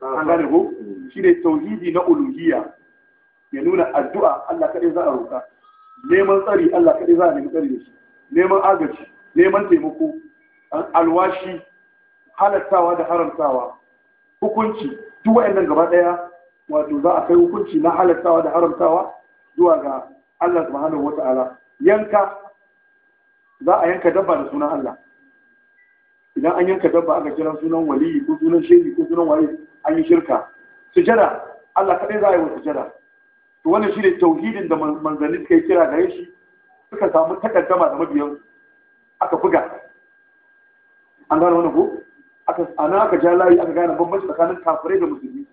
an gane ko shine tauhidi na uluhiyya ya nuna addu'a Allah kadai za a roka neman tsari Allah kadai za a nemi tsari da shi neman agaji neman taimako alwashi halattawa da haramtawa hukunci duk wa'annan gaba daya wato za a kai hukunci na halattawa da haramtawa zuwa ga Allah subhanahu wata'ala yanka za a yanka dabba da sunan Allah idan an yanka dabba aka kira sunan waliyi ko sunan shehi ko sunan waye an yi shirka sujada Allah kadai za a yi wa sujada to wannan shine tauhidin da manzanni suka kira gare shi suka samu takaddama da mabiyan aka buga an gane wani ko a nan aka ja layi aka gane bambanci tsakanin kafirai da musulmi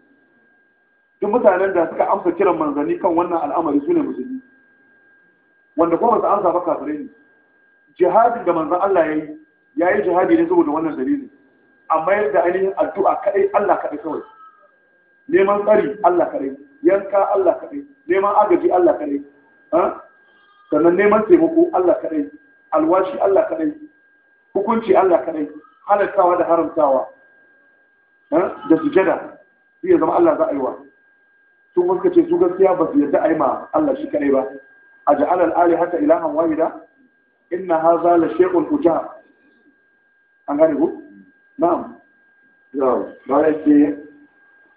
duk mutanen da suka amsa kiran manzanni kan wannan al'amari su ne musulmi wanda kuma su amsa ba kafirai ne jihadin da manzan Allah ya yi ya yi jihadi ne saboda wannan dalilin amma yadda ainihin addu'a kaɗai Allah kaɗai kawai neman tsari Allah kaɗai yanka Allah kaɗai neman agaji Allah kaɗai sannan neman taimako Allah kaɗai alwashi Allah kaɗai hukunci Allah kaɗai halartawa da haramtawa eh, da sujada su ya zama Allah za a yi wa su muka ce su gaskiya ba su yadda a yi ma Allah shi kadai ba a ja'alar ali haka ilahan wahida inna za la shekul ujab an gane ku na'am yau ba yake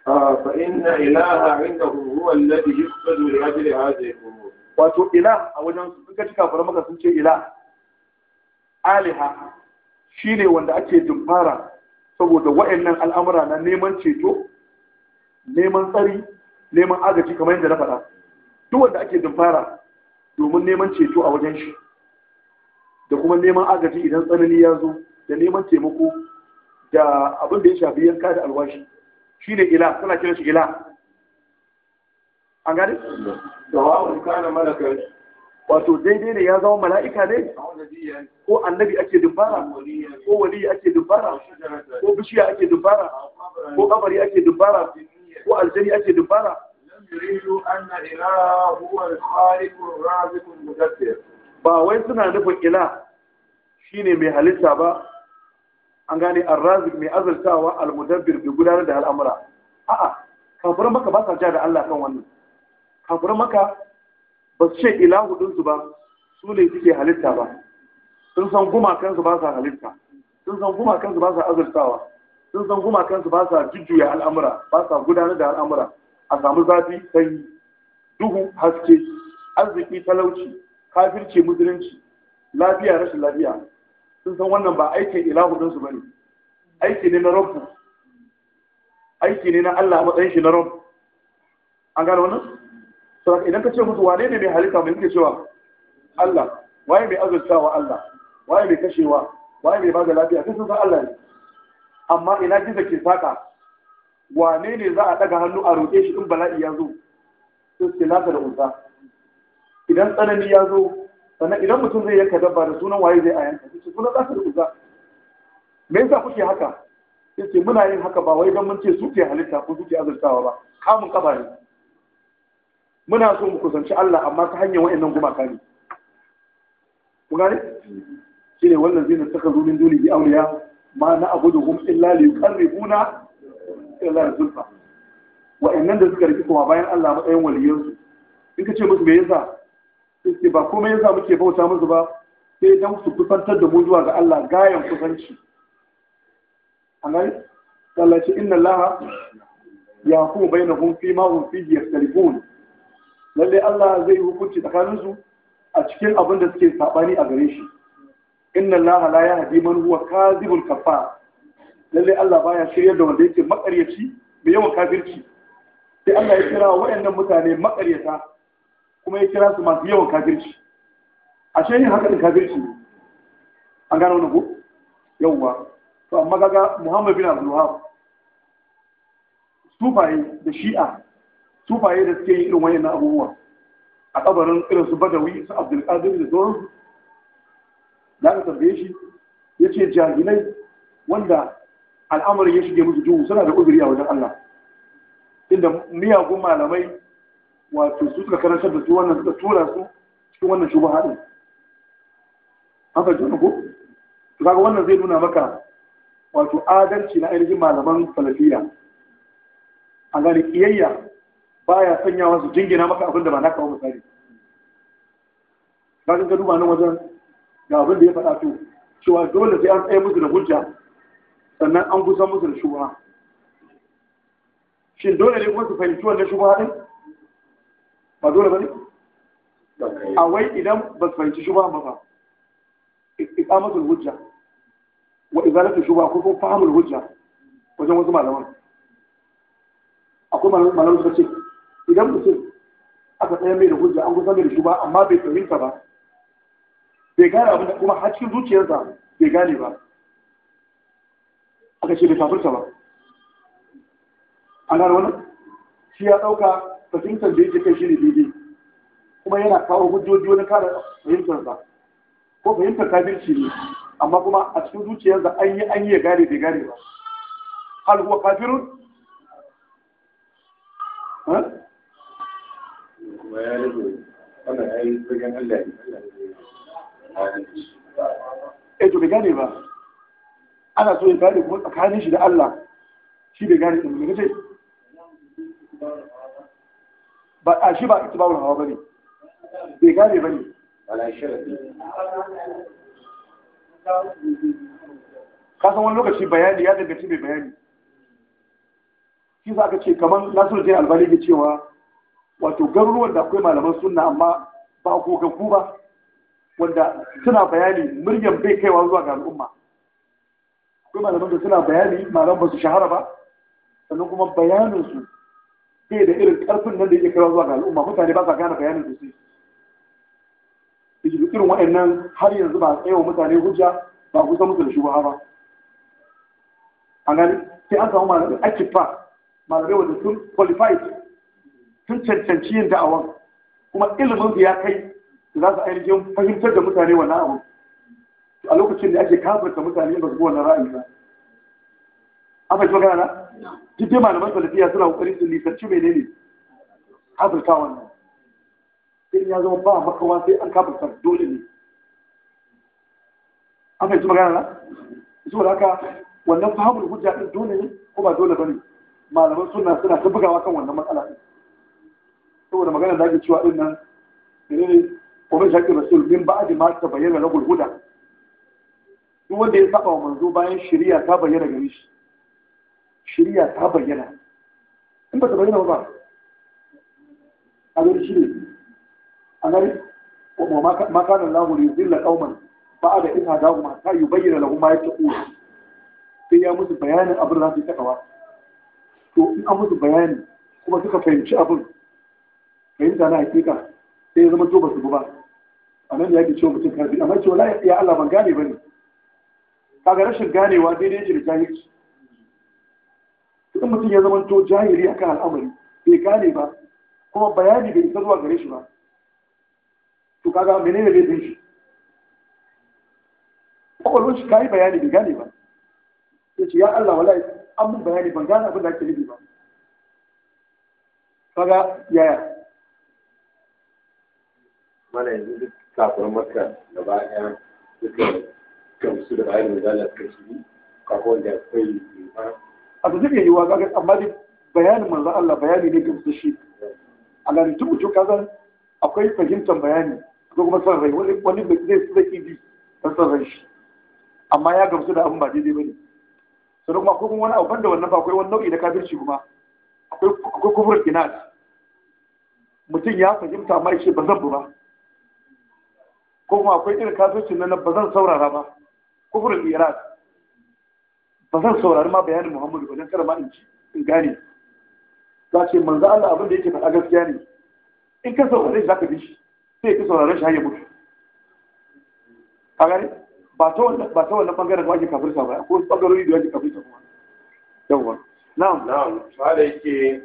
fa inna ilaha indahum huwa alladhi yusbadu li ajli hadhihi al-umur wato Ila a wajen su suka cika fara maka sun ce ila aliha Shi ne wanda ake dumfara saboda wa'annan al'amura na neman ceto neman tsari neman agaji kamar yadda na faɗa duk wanda ake dumfara domin neman ceto a wajen shi da kuma neman agaji idan tsanani ya zo da neman taimako da abin da ya shafi yanka da alwashi ne ila tana kiran shi ila an gane? da wa'awun kana malakar wato daidai ne ya zama mala'ika ne ko annabi ake dubbara ko wali ake dubbara ko bishiya ake dubbara ko kabari ake dubbara ko aljani ake dubbara ba wai suna nufin ila shine mai halitta ba an gane arrazik mai azaltawa almudabbir bi gudanar da al'amura a'a kafin maka ba sa ja da Allah kan wannan kafin maka ba su ce ilahu ɗinsu ba su ne suke halitta ba sun san gumakansu ba sa halitta sun san gumakansu ba sa azurtawa sun san gumakansu ba sa jujjuya al'amura ba sa gudanar da al'amura a samu zafi sanyi duhu haske arziki talauci kafirci musulunci lafiya rashin lafiya sun san wannan ba aikin ilahu ɗinsu ba ne aiki ne na rabbu. aiki ne na Allah matsayin shi na rabu an gano wannan saboda idan ka ce musu wane ne mai halitta mai nuke cewa Allah waye mai azurtawa Allah waye mai kashewa waye mai bada lafiya sai sun san Allah ne amma ina gizo ke saka wane ne za a daga hannu a roƙe shi in bala'i ya zo sun ce lata da unta idan tsanani ya zo sannan idan mutum zai yanka dabba da sunan waye zai a yanka sai sunan lata da unta me yasa kuke haka sai muna yin haka ba wai don mun ce su ke halitta ko su ke azurtawa ba kamun kafa ne muna so mu kusanci Allah amma ta hanyar wa'annan gumaka ne ku gane ne wannan zai nan saka zumin dole bi auliya ma na hum illa li yuqarribuna ila Allah zulfa wa'annan da suka riki kuma bayan Allah matsayin waliyansu in ka ce musu me yasa sai ba komai yasa muke bauta musu ba sai dan su kusantar da mu zuwa ga Allah gayan kusanci an gane Allah ce inna Allah ya kuma bainahum fi ma hum fihi yaftalifun lalle Allah zai hukunci tsakaninsu a cikin abin da suke sabani a gare shi inna Allah la yahdi man huwa kadhibul kafar lalle Allah baya shiryar da wanda yake makaryaci mai yawan kafirci sai Allah ya kira waɗannan mutane makaryata kuma ya kira su masu yawan kafirci ashe shehi haka din kafirci an gano wannan ko yawwa to amma kaga Muhammad bin Abdul Wahab sufaye da Shi'a Tufaye da suke yi irin wayan na abubuwa a kabarin irin su badawi su abdulkadir da sauran da aka tambaye shi ya ce jahilai wanda al'amarin ya shige musu duhu suna da uzuri a wajen Allah inda miyagun malamai wato su suka karantar da su wannan suka tura su cikin wannan shubu haɗin an fahimci ko to kaga wannan zai nuna maka wato adalci na ainihin malaman Falafiya a gani ƙiyayya baya sanya su jingina maka abin da ba na ba misali ka ga duba nan wajen ga abin da ya faɗa to cewa dole sai an tsaye musu da hujja sannan an kusan musu da shubha shin dole ne kuma su fahimci wannan shubha din ba dole ba ne a wai idan ba su fahimci shubha ba ba musu hujja wa izalatul shubha ko ko fahimul hujja wajen wasu malaman akwai malaman suka ce idan mutum aka tsaye mai da hujja an kusa mai da shi amma bai fahimta ba bai gane abin da kuma har cikin zuciyarsa bai gane ba aka ce bai kafirta ba a gane wannan shi ya ɗauka fahimtar da yake kai shi ne daidai kuma yana kawo hujjoji wani kare fahimtarsa ko fahimtar kafirci ne amma kuma a cikin zuciyarsa an yi an yi ya gane bai gane ba hal huwa kafirun kuma ya rage wannan ya yi fagen Allah ne eh to bai gane ba ana so ya gane kuma tsakanin shi da Allah shi bai gane ɗin ne ce ba a shi ba ita ba hawa ba ne bai gane ba ne ka san wani lokaci bayani ya daga dangaci mai bayani shi za ka ce kamar nasiru jai albani ke cewa wato garuruwan da akwai malaman sunna amma ba gogaggu ba wanda suna bayani muryan bai kaiwa zuwa ga al'umma akwai malaman da suna bayani malaman ba su shahara ba sannan kuma bayaninsu bai da irin karfin nan da yake kaiwa zuwa ga al'umma mutane ba sa gane bayanin su sai irin waɗannan har yanzu ba tsaye wa mutane hujja ba kusa musu da shugaba ba a gani sai an samu malamai akifa malamai wanda sun qualified sun cancanci yin da'awan kuma ilimin ya kai da za su ainihin fahimtar da mutane wannan abu a lokacin da ake kafarta mutane ba su bi wannan ra'ayi ba an fahimci magana na duk dai malaman salafiya suna kokarin su lisanci menene kafarta wannan sai ya zama ba makawa sai an kafarta dole ne an fahimci magana na saboda haka wannan fahimtar hujja din dole ne ko ba dole ba ne? malaman suna suna ta bugawa kan wannan matsala din saboda magana da ake cewa din ne menene kuma shakki rasul min ba'di ma ta bayyana lahul huda duk wanda ya saba wa manzo bayan shari'a ta bayyana gare shi shari'a ta bayyana in ba ta bayyana ba a gari shi ne a gari ma kana lahu li yudilla qauman ba'da idh hadahum hatta yubayyana lahum ma yattaqun sai ya musu bayanin abin da za su yi takawa to in an musu bayani kuma suka fahimci abin da na hakika sai ya zama to ba su ba a nan ya ke cewa mutum karfi amma cewa la ya Allah ban gane ba ne kaga rashin ganewa daidai yake da jahilci idan mutum ya zama to jahili akan al'amari bai gane ba kuma bayani bai isa zuwa gare shi ba to kaga menene laifin shi kwakwalwar shi kayi bayani bai gane ba ya ce ya Allah wala an mun bayani ban gane abin da ake nufi ba kaga yaya mana yanzu duk kafirin makka gaba ɗaya suka gamsu da bayan manzala suka shi kafin wanda akwai a da zai yi wa kaga amma dai bayanin manzo Allah bayani ne gamsu shi a ga mutum mutum kaza akwai fahimtar bayani ko kuma son rai wani wani zai zai bi don son rai shi amma ya gamsu da abin ba daidai ne. sannan kuma akwai wani abu banda wannan ba akwai wani nau'i na kafirci kuma akwai akwai kufur kinat mutum ya fahimta amma ya ba zan ba ko kuma akwai irin kasuwanci na ba zan saurara ba kufrul irad ba zan saurari ma bayanin Muhammadu ba zan kada ma in ci in gane za ce manzo Allah abin da yake faɗa gaskiya ne in ka saurare shi ka bi shi sai ka saurare shi hanyar mutu a gane ba ta wannan bangaren da ake kafirta ba ko bangarori da ake kafirta kuma yawwa na'am na'am to da yake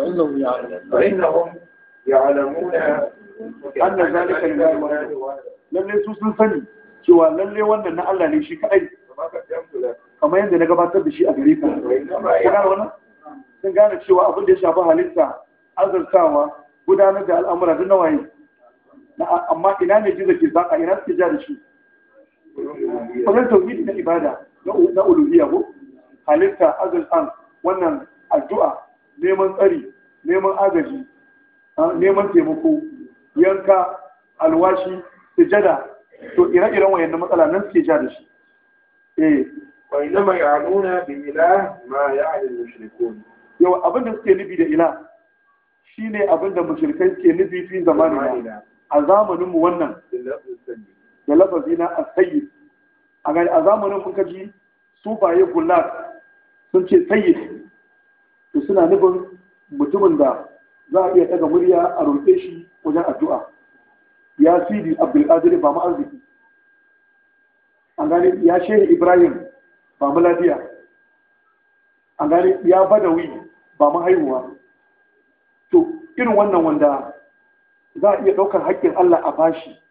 فإنهم يعلمون يعلمون أن ذلك لله lalle sun sani cewa lalle wannan na Allah ne shi kadai kamar yadda na gabatar da shi a gare ka wannan sun gane cewa abin da ya shafa halitta azartawa gudanar da al'amura duk nawaye amma ina ne gizo ke zaka ina suke ja da shi wannan tauhidi na ibada na uluhiyya ko halitta azartan wannan addu'a neman tsari neman agaji neman taimako yanka alwashi sujada to ire-iren wayannan matsala nan suke ja da shi eh wa inna ma ya'nuna bi ilah ma ya'lamu mushrikun yau abin da suke nubi da ila shine abin da mushrikai suke nufi fi zamanina a zamaninmu wannan da lafazi na asayyid a gani a zamanin mun kaji sufaye gullat sun ce sayyid to suna nufin mutumin da za a iya daga murya a roƙe shi wajen addu'a ya sidi abdulkadir ba mu arziki an gane ya shehu ibrahim ba mu Ladiya. an gane ya badawi ba mu haihuwa to irin wannan wanda za a iya ɗaukar haƙƙin allah a bashi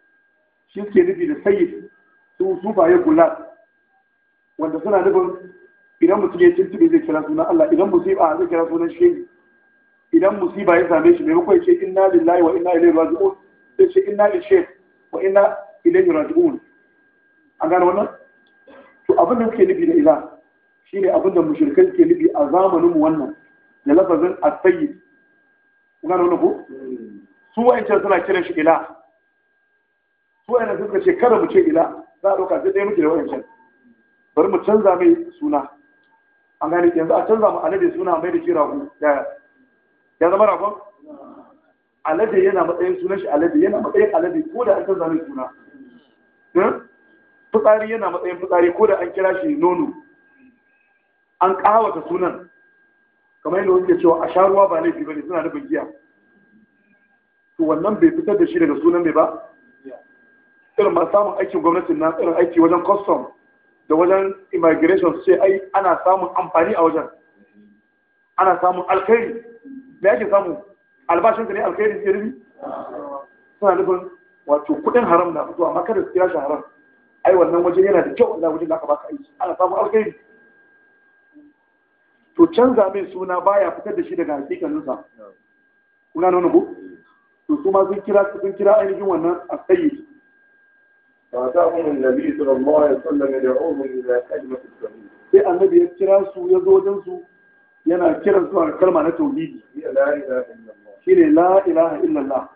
shi ke nufi da sayyid su sufaye gulat wanda suna nufin idan mutum ya tuntube zai kira sunan allah idan musiba zai kira sunan shehu idan musiba ya same shi maimakon ya ce inna lillahi wa inna ilaihi raji'un sai ce inna lil shaykh wa inna ilaihi raji'un an gane wannan to abin da suke nufi da ila shine abin da mushrikai suke nufi a zamanin mu wannan da lafazin as-sayyid gane wannan ko su wa'ancan suna kiran shi ila su wa'annan suka ce kada mu ce ila za a ɗauka sai ɗaya muke da wa'ancan bari mu canza mai suna an gane yanzu a canza mu annabi suna mai da shi rago da ya zama ragon alade yana matsayin sunan shi alade yana matsayin alade ko da an canza mai suna hmm? fitsari yana matsayin fitsari ko da an kira shi nono an kawata sunan kamar yadda wuce cewa a sha ruwa ba laifi bane suna nufin giya to wannan bai fitar da shi daga sunan mai ba irin ma samun aikin gwamnatin na irin aiki wajen custom da wajen immigration sai ai ana samun amfani a wajen ana samun alkhairi me ake samu albashin ne alkhairi ke rubi suna nufin wato kuɗin haram na fitowa amma kada su kira shi haram ai wannan waje yana da kyau Allah wajen da aka baka aiki ana samun alkhairi to canza mai suna baya fitar da shi daga hakikaninsa kuna nuna ko to su ma sun kira sun kira ainihin wannan asayi فأتاهم النبي ya الله عليه وسلم يدعوهم Sai annabi ya kira su ya zo wajen su. yana kiran zuwa ga kalma na tauhidi shine la ilaha illallah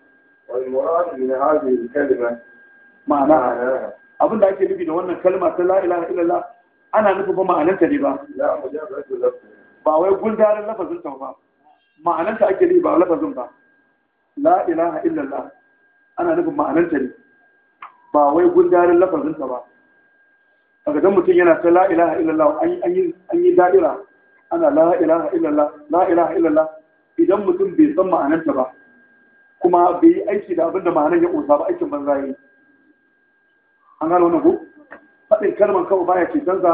ma'ana abin da ake nufi da wannan kalma ta la ilaha illallah ana nufi ba ma'ananta ne ba ba wai gundarin lafazin ta ba ma'ananta ake nufi ba lafazin ba la ilaha illallah ana nufin ma'ananta ne ba wai gundarin lafazin ta ba a ga mutum yana ta la ilaha illallah an yi da'ira ana la ilaha illallah la ilaha illallah idan mutum bai san ma'anarta ba kuma bai yi aiki da abinda ma'anar ya ƙunsa ba aikin banza yi an gano wannan ko faɗin kalmar kawai baya ce canza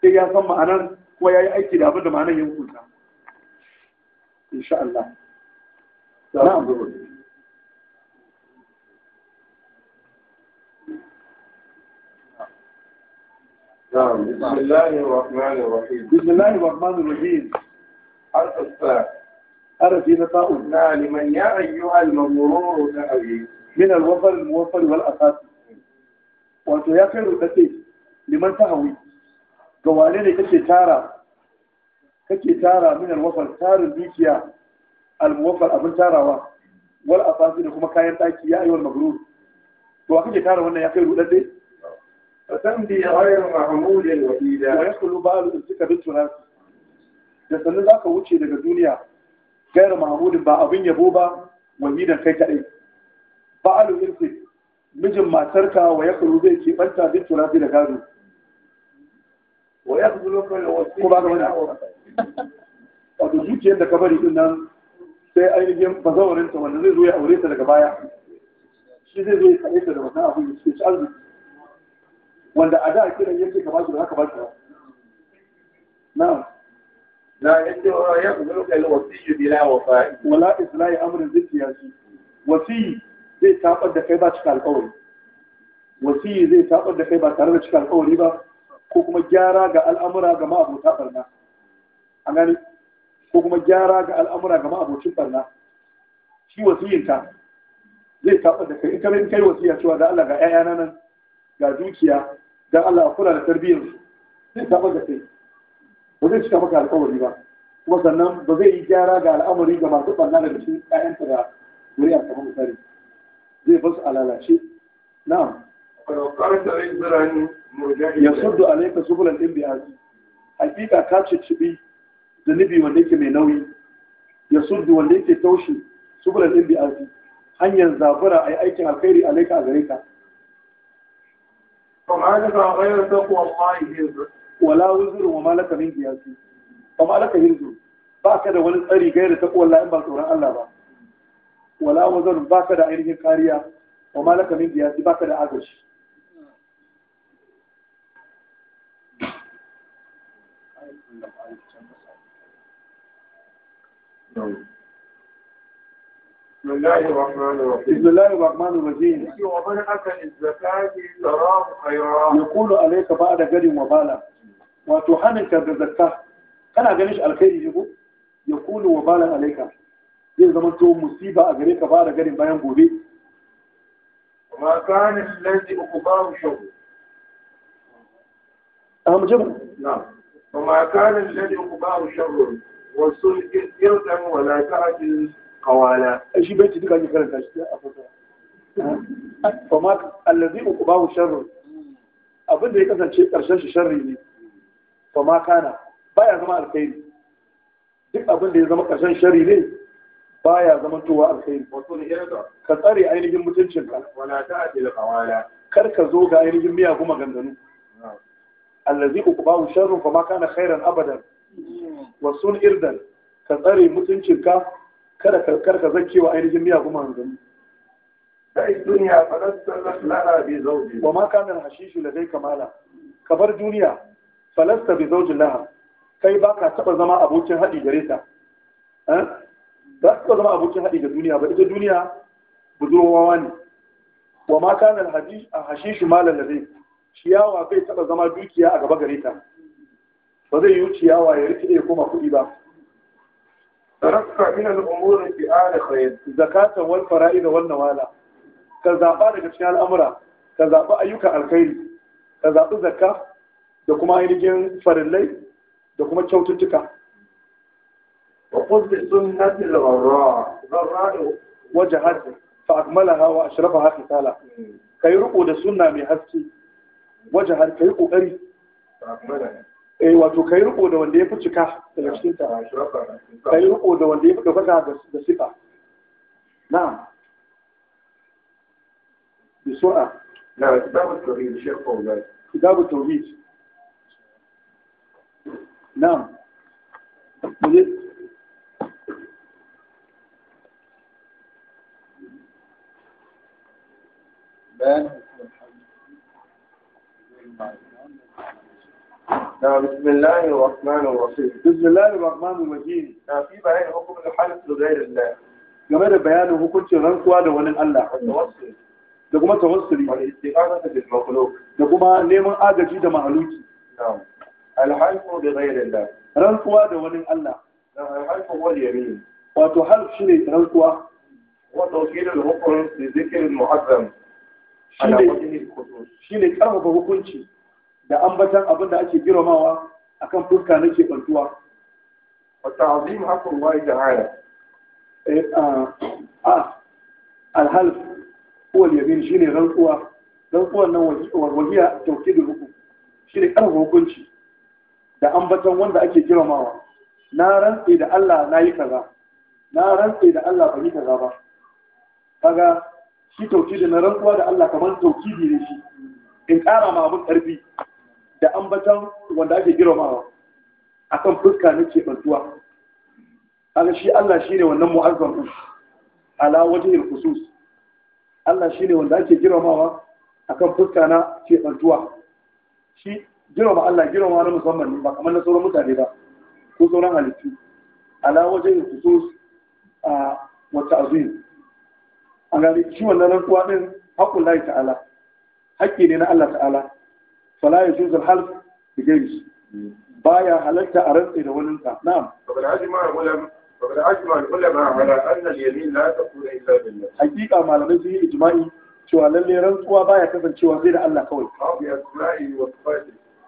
sai ya san ma'anar kuma ya yi aiki da abinda ma'anar ya ƙunsa insha Allah na'am نعم بسم الله الرحمن الرحيم بسم الله الرحمن الرحيم حرف الساعة حرف نطاء لمن يا أيها المغرور نأوي من الوفر الموفر والأساس wato ya kai rutsatse liman ta hawi ga wane kake tara min alwafar tarin dukiya almuwafar abin tarawa wal afasi da kuma kayan daki ya ayyuhal magrur to wa kake tara wannan ya kai rutsatse وتمضي غير محمود وحيدا ويدخل بال da sannan za ka wuce daga duniya gayar mahmudin ba abin yabo ba wa wahidan kai kaɗai ba alu irfi mijin matarka wa ya kuru zai ke ɓanta duk turabi da gado wa ya kuru zai ko ba ga wani wato zuciyar da ka bari din nan sai ainihin bazawarinta wanda zai zo ya aure ta daga baya shi zai zo ya kaɗe ta da wannan abin ya ce arziki wanda a da kiran yake ka bashi ba ka bashi ba na'am la yadda ya zuru kai wasiyyu bila wafa'i wala islahi amrin zai tabar da kai ba cika alƙawari wasiyyi zai tabar da kai ba tare da cika alƙawari ba ko kuma gyara ga al'amura ga ma'abota barna a gani ko kuma gyara ga al'amura ga ma'abocin barna shi wasiyinta zai taɓa da kai ita kai wasiya cewa da Allah ga 'ya'yana nan ga dukiya da Allah a kula da tarbiyyar su zai taɓa baka sai ba zai cika maka alƙawari ba kuma sannan ba zai yi gyara ga al'amari ga masu ɓanna daga cikin ta da zuriya kamar misali zai basu a lalace na'am ya suddu alaika subulan ɗin biyar hakika ka cicciɓi zunubi wanda yake mai nauyi ya suddu wanda yake taushe subulan ɗin biyar hanyar zabura a yi aikin alkhairi alaika a gare ka فما لك غير باك ده wani tsari gaira taqwa Allah in ba tsoron Allah ba wala wazar baka da ainihin kariya wa ma laka min qiyas baka da No. بسم الله الرحمن الرحيم بسم الله الرحمن الرحيم ومن أتى الزكاة تراه خيرا يقول عليك بعد قد وبالا وتحنك الزكاة كان أغنيش الخير يجب يقول وبالا عليك zai zama تو musiba a gare ka ba da garin bayan gobe ma kana allazi ukubahu shaw ahmu jabu na ma kana allazi ukubahu shaw wa sul irdan wa kawala a shi bai ci duka ake karanta shi a fasara fama allazi uku bahu sharrun abin da ya kasance karshen shi sharri ne fama kana baya zama alkhairi duk abin da ya zama karshen sharri ne baya zama towa alkhairi ka tsare ainihin mutuncinka wala ta'dil qawala kar ka zo ga ainihin miya kuma maganganu allazi uku bahu sharrun fama kana khairan abadan wa irdan ka tsare mutuncinka kada karkar ka zake wa ainihin miya kuma hanzari dai duniya falastar lara bi zauji wa ma kamar hashishu ladai kamala ka bar duniya falasta bi zauji laha kai ba ka taɓa zama abokin haɗi gare ta eh? ba ka zama abokin haɗi ga duniya ba ita duniya budurwawa ne wa ma kamar hashishu da zai. ciyawa bai taɓa zama dukiya a gaba gare ta ba zai yi ciyawa ya rikide ya koma kuɗi ba ترفع من الامور في fi خير khayr والفرائض wal fara'id ka daga cikin al'amura ka zaɓi ayyukan alkhairi ka zaɓi zakka da kuma ainihin farillai da kuma kyaututtuka wa qul bi sunnati al-gharra wajhat fa akmalaha wa da suna mai haske wajhar kokari eh wato kai riko da wanda ya fi cika daga cikin ta kai riko da wanda ya fi daukaka da sifa na'am بسم الله الرحمن الرحيم بسم الله الرحمن الرحيم في بيان حكم الحلف لغير الله game da bayanin hukuncin rantsuwa da wani Allah da kuma tawassuli da kuma neman agaji da mahaluki da rantsuwa da wani Allah wal yamin wato shi ne rantsuwa wa al hukm li dhikr al mu'azzam karfafa hukunci da ambatan abin da ake girmamawa akan fuska na ke bantuwa wa ta'zim haqqul wa ta'ala eh a alhalf huwa al-yamin shine rantsuwa rantsuwan nan wahiya tawkidul hukum shine kan hukunci da ambatan wanda ake girmamawa na rantse da Allah na yi kaza na rantse da Allah ban yi kaza ba kaga shi tauki da na rantsuwa da Allah kamar tawkidi ne shi in ƙara ma abun ƙarfi da ambatan wanda ake girmamawa akan fuska na ce bantuwa kaga shi Allah shine wannan mu'azzam din ala wajhil khusus Allah shine wanda ake girmamawa akan fuska na ce bantuwa shi girma Allah girma na musamman ba kamar na sauran mutane ba ko sauran halittu ala wajhil khusus a wata ta'zim an ga shi wannan rantsuwa din haƙƙun Allah ta'ala haƙƙi ne na Allah ta'ala fala ya juzul half bi gairi baya halatta a rantsi da wani ta na'am faqad ajma ulama faqad ajma ulama ala anna al-yamin la takuna illa billah hakika malamai sun yi ijma'i cewa lalle rantsuwa baya kasancewa sai da Allah kawai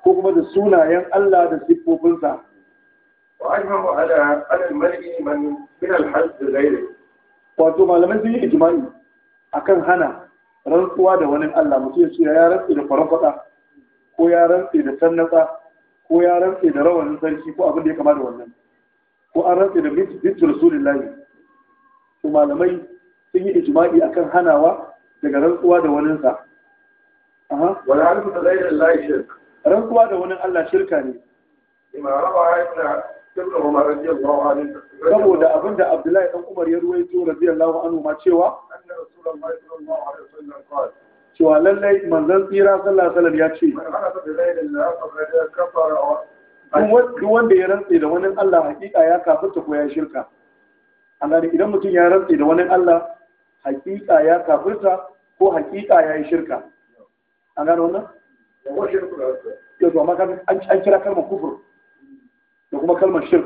ko kuma da sunayen Allah da siffofinsa على أن الملك من من الحج غيره. wato malamai sun yi ijma'i akan hana rantsuwa da wani Allah mutum ya ya rantsu da farfada ko ya rantse da tannatsa ko ya rantse da rawanin sarki ko abin da ya kama da wannan ko an rantse da bitu rasulillahi to malamai sun yi ijma'i akan hanawa daga rantsuwa da wani sa aha wala alfu da ghayri shirk rantsuwa da wani Allah shirka ne ima rawa ayatuna ibn umar radiyallahu anhu saboda abinda abdullahi dan umar ya ruwaito radiyallahu anhu ma cewa anna rasulullahi sallallahu alaihi wasallam qala cewa lallai manzan tsira sallallahu alaihi ya ce duk wanda ya rantse da wani Allah hakika ya kafirta ko ya shirka an gani idan mutum ya rantse da wani Allah hakika ya kafirta ko hakika ya yi shirka an gani wannan yau to amma an kira kalmar kufur da kuma kalmar shirk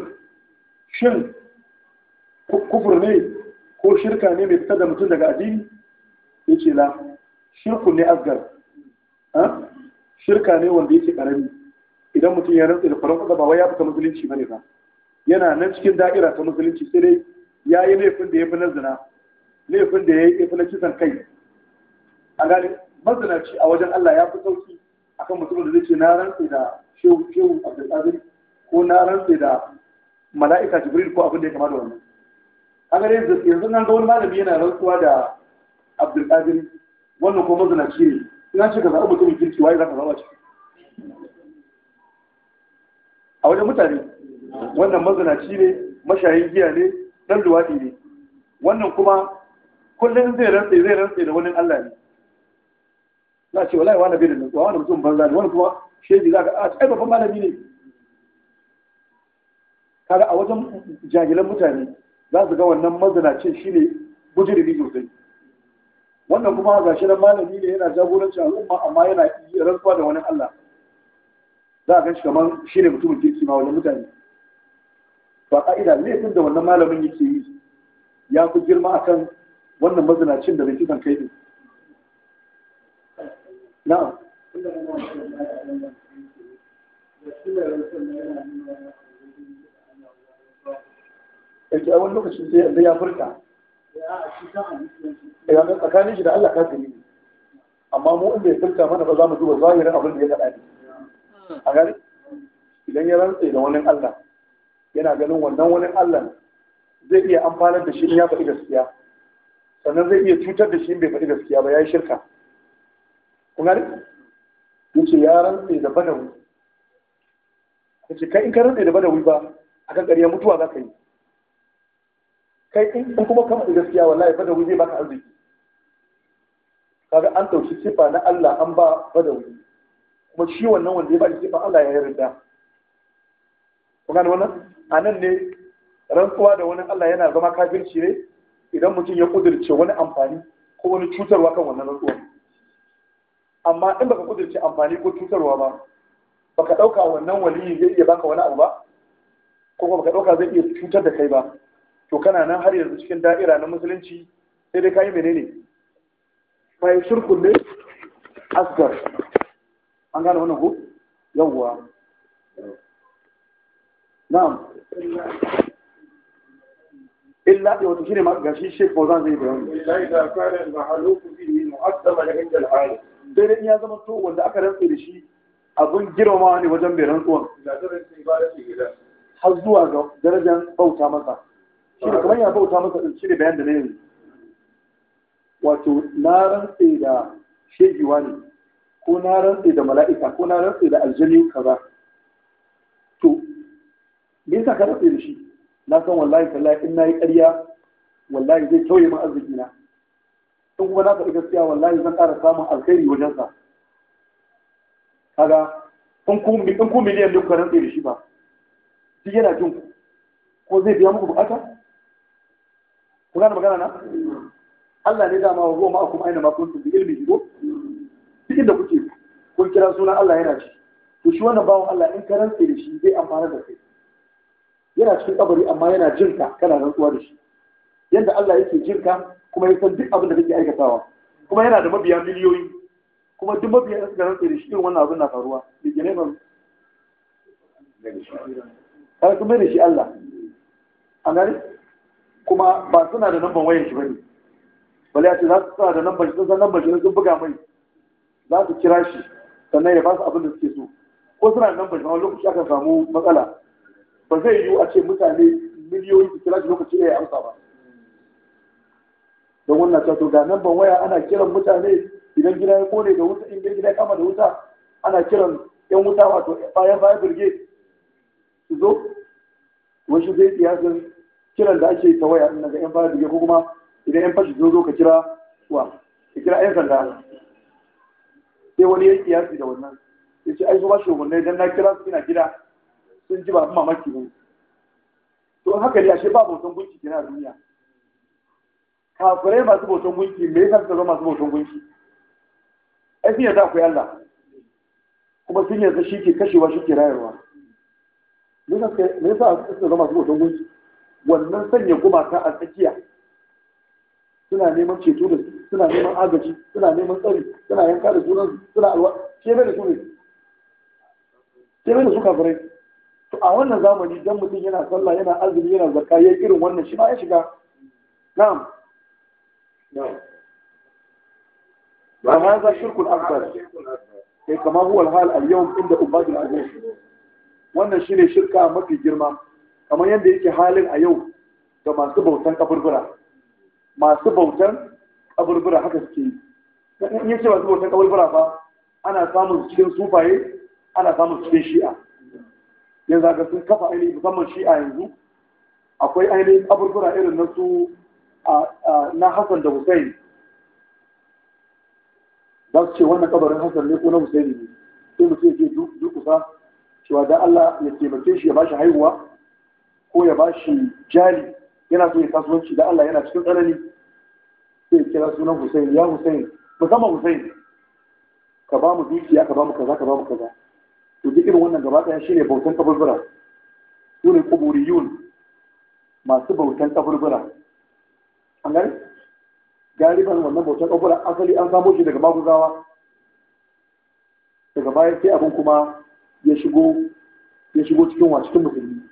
shin kufur ne ko shirka ne mai fitar da mutum daga addini yace la Shirku ne asgar shirka ne wanda yake karami idan mutum ya rantsa da faran kusa ba wai ya fita musulunci bane ba yana nan cikin da'ira ta musulunci sai dai ya yi laifin da ya fi na zina laifin da ya yi fi na kisan kai a gane mazinaci a wajen Allah ya fi sauki akan mutumin da zai ce na rantsa da shehu shehu abdulkadir ko na rantsa da mala'ika jibril ko abin da ya kama da wannan kaga yanzu nan ga wani malami yana rantsuwa da abdulkadir wannan ko mazinaci ne ina ce ka zaɓi mutumin kirki waye za ka zaɓa ciki a wajen mutane wannan mazinaci ne mashayin giya ne ɗan luwaɗi ne wannan kuma kullum zai rantse zai rantse da wani Allah ne za a ce wallahi wani bai da nutsuwa wani mutum banza ne wani kuma shegi za ka a ce babban malami ne kaga a wajen jahilan mutane za su ga wannan mazinacin shine bujirimi sosai wannan kuma ga shi nan malami ne yana jagorancin al'umma amma yana rantsuwa da wani Allah za a gan shi kamar shi ne mutumin kirki ma wajen mutane ba ka'ida laifin da wannan malamin yake yi ya fi girma akan wannan mazinacin da bai kisan kai din na'am Ake a wani lokacin sai ya furta idan tsakanin shi da Allah kafiri ne amma mu inda ya furta mana ba za mu duba zahirin abin da ya faɗa ne a gani idan ya rantse da wani Allah yana ganin wannan wani Allah zai iya amfana da shi in ya faɗi gaskiya sannan zai iya cutar da shi in bai faɗi gaskiya ba ya yi shirka kun gani yace ya rantse da badawi yace kai in ka rantse da badawi ba a kan ƙarya mutuwa za ka yi kai in kuma kama faɗi gaskiya wallahi badawi zai baka arziki kaga an ɗauki sifa na Allah an ba badawi kuma shi wannan wanda ya ba sifa Allah ya yarda ku gane wannan a nan ne rantsuwa da wani Allah yana zama kafirci ne idan mutum ya kudirce wani amfani ko wani cutarwa kan wannan rantsuwa amma in baka kudirce amfani ko cutarwa ba baka ɗauka wannan waliyi zai iya baka wani abu ba ko baka ɗauka zai iya cutar da kai ba to kana nan har yanzu cikin da'ira na musulunci sai dai kayi menene mai shirku ne asgar an gane wannan ku yawwa na'am illa da eh, wata shine ma shi Sheikh Fauzan zai bayani illa da ku bi bihi mu'azzama da inda al-hayy sai dai ya zama to wanda aka rantsa da shi abun girma ne wajen bai rantsuwa. har zuwa ga darajar bauta masa da kamar ya bauta masa din shi bayan da na yanzu wato na rantse da shegiwa ne ko na rantse da mala'ika ko na rantse da aljani kaza to me yasa ka rantse da shi na san wallahi tallahi in nayi ƙarya wallahi zai tauye min arziki na in kuma na faɗi gaskiya wallahi zan ƙara samun alkhairi wajen sa kaga in ku in ku miliyan ne ku rantse da shi ba shi yana jin ku ko zai biya muku bukata ku gane magana na Allah ne dama wa goma kuma aina ma kuntum bi ilmi ko cikin da kuke kun kira sunan Allah yana ci to shi wannan bawon Allah in ka rantse da shi zai amfana da kai yana cikin kabari amma yana jin ka kana rantsuwa da shi yanda Allah yake jin ka kuma ya san duk abin da kake aikatawa kuma yana da mabiya miliyoyi kuma duk mabiya da suka rantse da shi irin wannan abin na faruwa da geneman kada kuma da shi Allah an gane kuma ba suna da namban wayan shi bane bale ya ce za su sa da namban shi sun namban shi sun buga mai za su kira shi sannan ya ba su abin da suke so ko suna da namban shi a lokaci aka samu matsala ba zai yiwu a ce mutane miliyoyi su kira shi lokaci ɗaya ya amsa ba don wannan ta to ga namban waya ana kiran mutane idan gida ya kone da wuta in gida ya kama da wuta ana kiran yan wuta wato bayan bayan birge su zo wani zai siyasin kiran da ake ta waya daga yan fara dige ko kuma idan yan fashi zo ka kira wa ka kira yan sanda sai wani ya kiyasi da wannan ya ce ai su ba shugabannai idan na kira su ina gida sun ji ba mamaki ne to haka ne ashe ba bautan gunki kina duniya kafirai masu bautan gunki me yasa suka zama masu bautan gunki ai sun yarda ku yalla kuma sun yarda shi ke kashewa shi ke rayarwa me yasa suka zama masu bautan gunki wannan sanya gumaka a tsakiya suna neman ceto da suna neman agaji suna neman tsari suna yanka da junan suna alwa shebe da su ne shebe da su kafirai to a wannan zamani dan mutum yana sallah yana azumi yana zakka ya irin wannan shi ma ya shiga na'am na'am wa hadha shirkul akbar kai eh, kama huwa al-hal al-yawm inda ubadul aziz wannan shine shirka mafi girma kamar yadda yake halin a yau ga masu bautan kaburbura masu bautan kaburbura haka suke yi in yace masu bautan kaburbura fa ana samun cikin sufaye ana samun cikin shi'a yanzu ga sun kafa ainihin musamman shi'a yanzu akwai ainihin kaburbura irin na su na Hassan da Hussein za su ce wannan kabarin Hassan ne ko na Hussein ne sai mutum ya ce duk kusa cewa da Allah ya taimake shi ya ba shi haihuwa ko ya ba shi jari yana so ya kasuwanci da Allah yana cikin tsanani sai ya kira sunan Hussein ya Hussein musamman Hussein ka ba mu dukiya ka ba mu kaza ka ba mu kaza to duk irin wannan gaba ɗaya shine bautan kaburbura su ne kuburiyun masu bautan kaburbura an gani galiban wannan bautan kaburbura asali an samo shi daga maguzawa daga baya sai abin kuma ya shigo ya shigo cikin wa cikin musulmi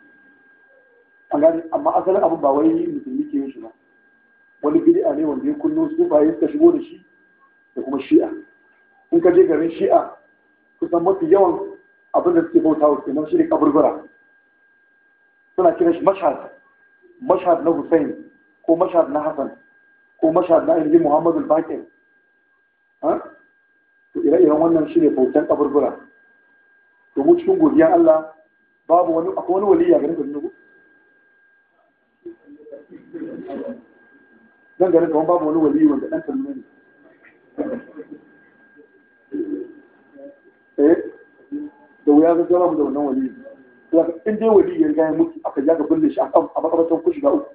amma asalin abin ba wai musulmi ke yin shi ba wani bid'a ne wanda ya su ba yin shigo da shi da kuma shi'a in ka je garin shi'a kusan mafi yawan abin da suke bauta wa kenan shi ne kaburbura suna kiran shi mashhad mashhad na Hussein ko mashhad na Hassan ko mashhad na ainihin Muhammadu Bakin. baqir to ire-iren wannan shi ne bautan kaburbura domin cikin godiya Allah babu wani akwai wani waliya garin da zan gari kamar babu wani waliyu wanda ɗan kalmi ne eh da wuya ga gaba mu da wannan waliyu in dai waliyu ya gaya muku mutu aka ja ka shi a makabartar kushi ga uku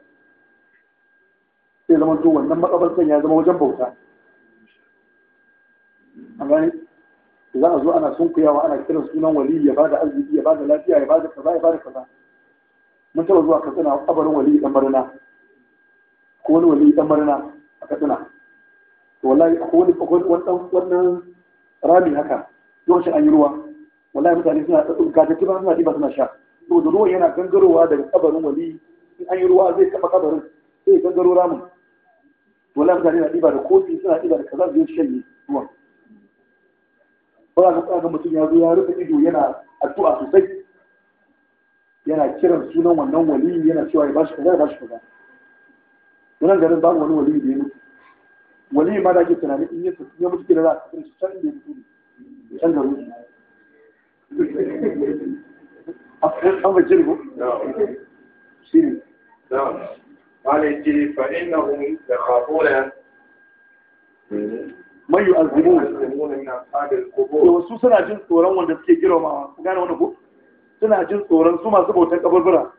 sai zama to wannan makabartar ya zama wajen bauta an gane za a zo ana sunkuyawa ana kiran sunan waliyu ya bada arziki ya bada lafiya ya bada kaza ya bada kaza mun taɓa zuwa katsina ƙabarin waliyu ɗan barna ko wani wali dan marina a katsina to wallahi ko wani wannan rami haka lokacin an yi ruwa wallahi mutane suna ta ba suna ɗiba suna sha saboda ruwan yana gangarowa daga kabarin wali in an yi ruwa zai kafa kabarin sai gangaro ramin wallahi mutane na ɗiba da kofi suna ɗiba da kaza zai shanye ruwan ba za ka ga mutum ya zo ya rufe ido yana addu'a sosai yana kiran sunan wannan wali yana cewa ya bashi kaza ya bashi kaza wannan garin babu wani waliyu da ya wali waliyu ma da ake tunani in ya mutu kila za a tafi can da ya mutu can garin an ba jirgo shi ne wale ce fa inna hum da khafuna man yu'azzimun to su suna jin tsoron wanda suke girmamawa ku gane wani ku. suna jin tsoron su masu bautar kaburbura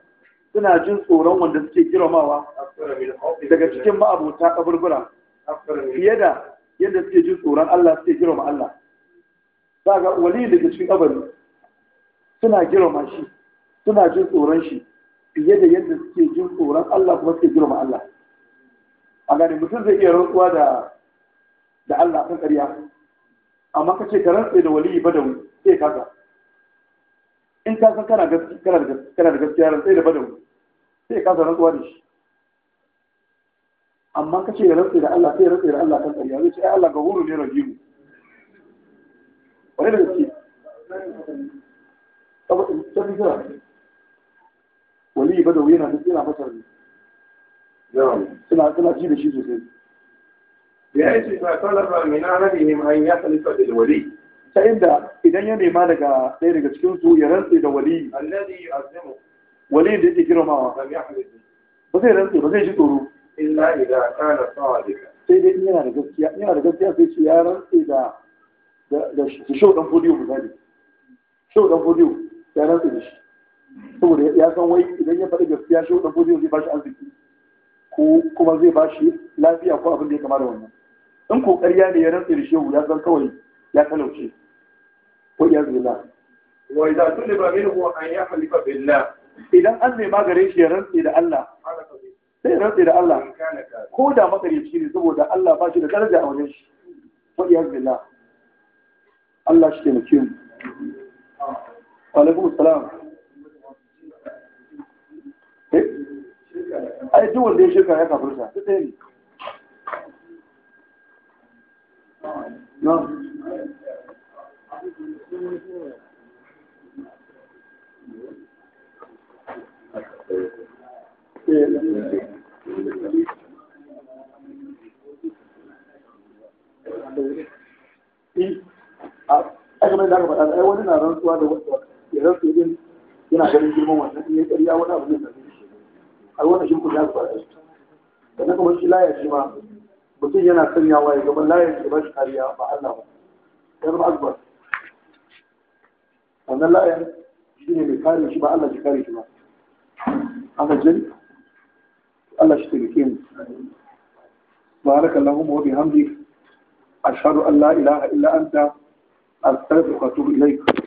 suna jin tsoron wanda suke girmamawa daga cikin ma'abota kaburbura fiye da yadda suke jin tsoron Allah suke girma Allah Ba ga wali daga cikin kabari suna girma shi suna jin tsoron shi fiye da yadda suke jin tsoron Allah kuma suke girma Allah a gani mutum zai iya rantsuwa da da Allah kan ƙarya amma ka ce ka rantsa da wali badawi sai kaga in ka san kana gaskiya kana da gaskiya rantsa da badawi sai ya kasa rantsuwa da shi amma ka ce ya rantsa da Allah sai ya rantsa da Allah kan ƙarya zai ce ai Allah gahuru ne rajimu wani da gaske saboda sai ne wani yi bada wuyana da tsira fasar ne suna suna ji da shi sosai ya yi ce ba talaba ne ahadihim ya yaslifa da wali ta inda idan ya nema daga ɗaya daga cikin su ya rantsa da wali allazi yu'azzimu wali da yake girmamawa ba zai rantse ba zai ji tsoro illa idan kana sadiqa sai dai yana da gaskiya yana da gaskiya sai ce ya rantse da da shau dan fodiyo misali shau dan fodiyo ya rantse da shi saboda ya san wai idan ya faɗi gaskiya shau dan fodiyo zai shi arziki ko kuma zai ba shi lafiya ko abin da ya kama da wannan in ko ƙarya ne ya rantse da shehu ya san kawai ya talauce ko ya zila wa idza tuliba minhu an halifa billah idan an nema gare shi ya rantse da Allah sai ya rantse da Allah ko da makaryaci ne saboda Allah ba shi da daraja a wajen shi wa iyaz Allah shi taimake mu alaikum salam eh ai duk wanda ya shirka ya kafirta sai ne na a kamar da aka faɗa ai wani na da yana ganin girman ya wani abu da shi shi ya zuba da shi kuma shi shi ma mutum yana gaban layar shi ba shi kariya ba Allah ba ya zama azbar wannan layar shi ne mai kare shi ba Allah shi kare shi ba aka jin Allah shi taimake mu barakallahu wa bihamdik ashhadu an la ilaha illa anta astaghfiruka wa atubu ilaik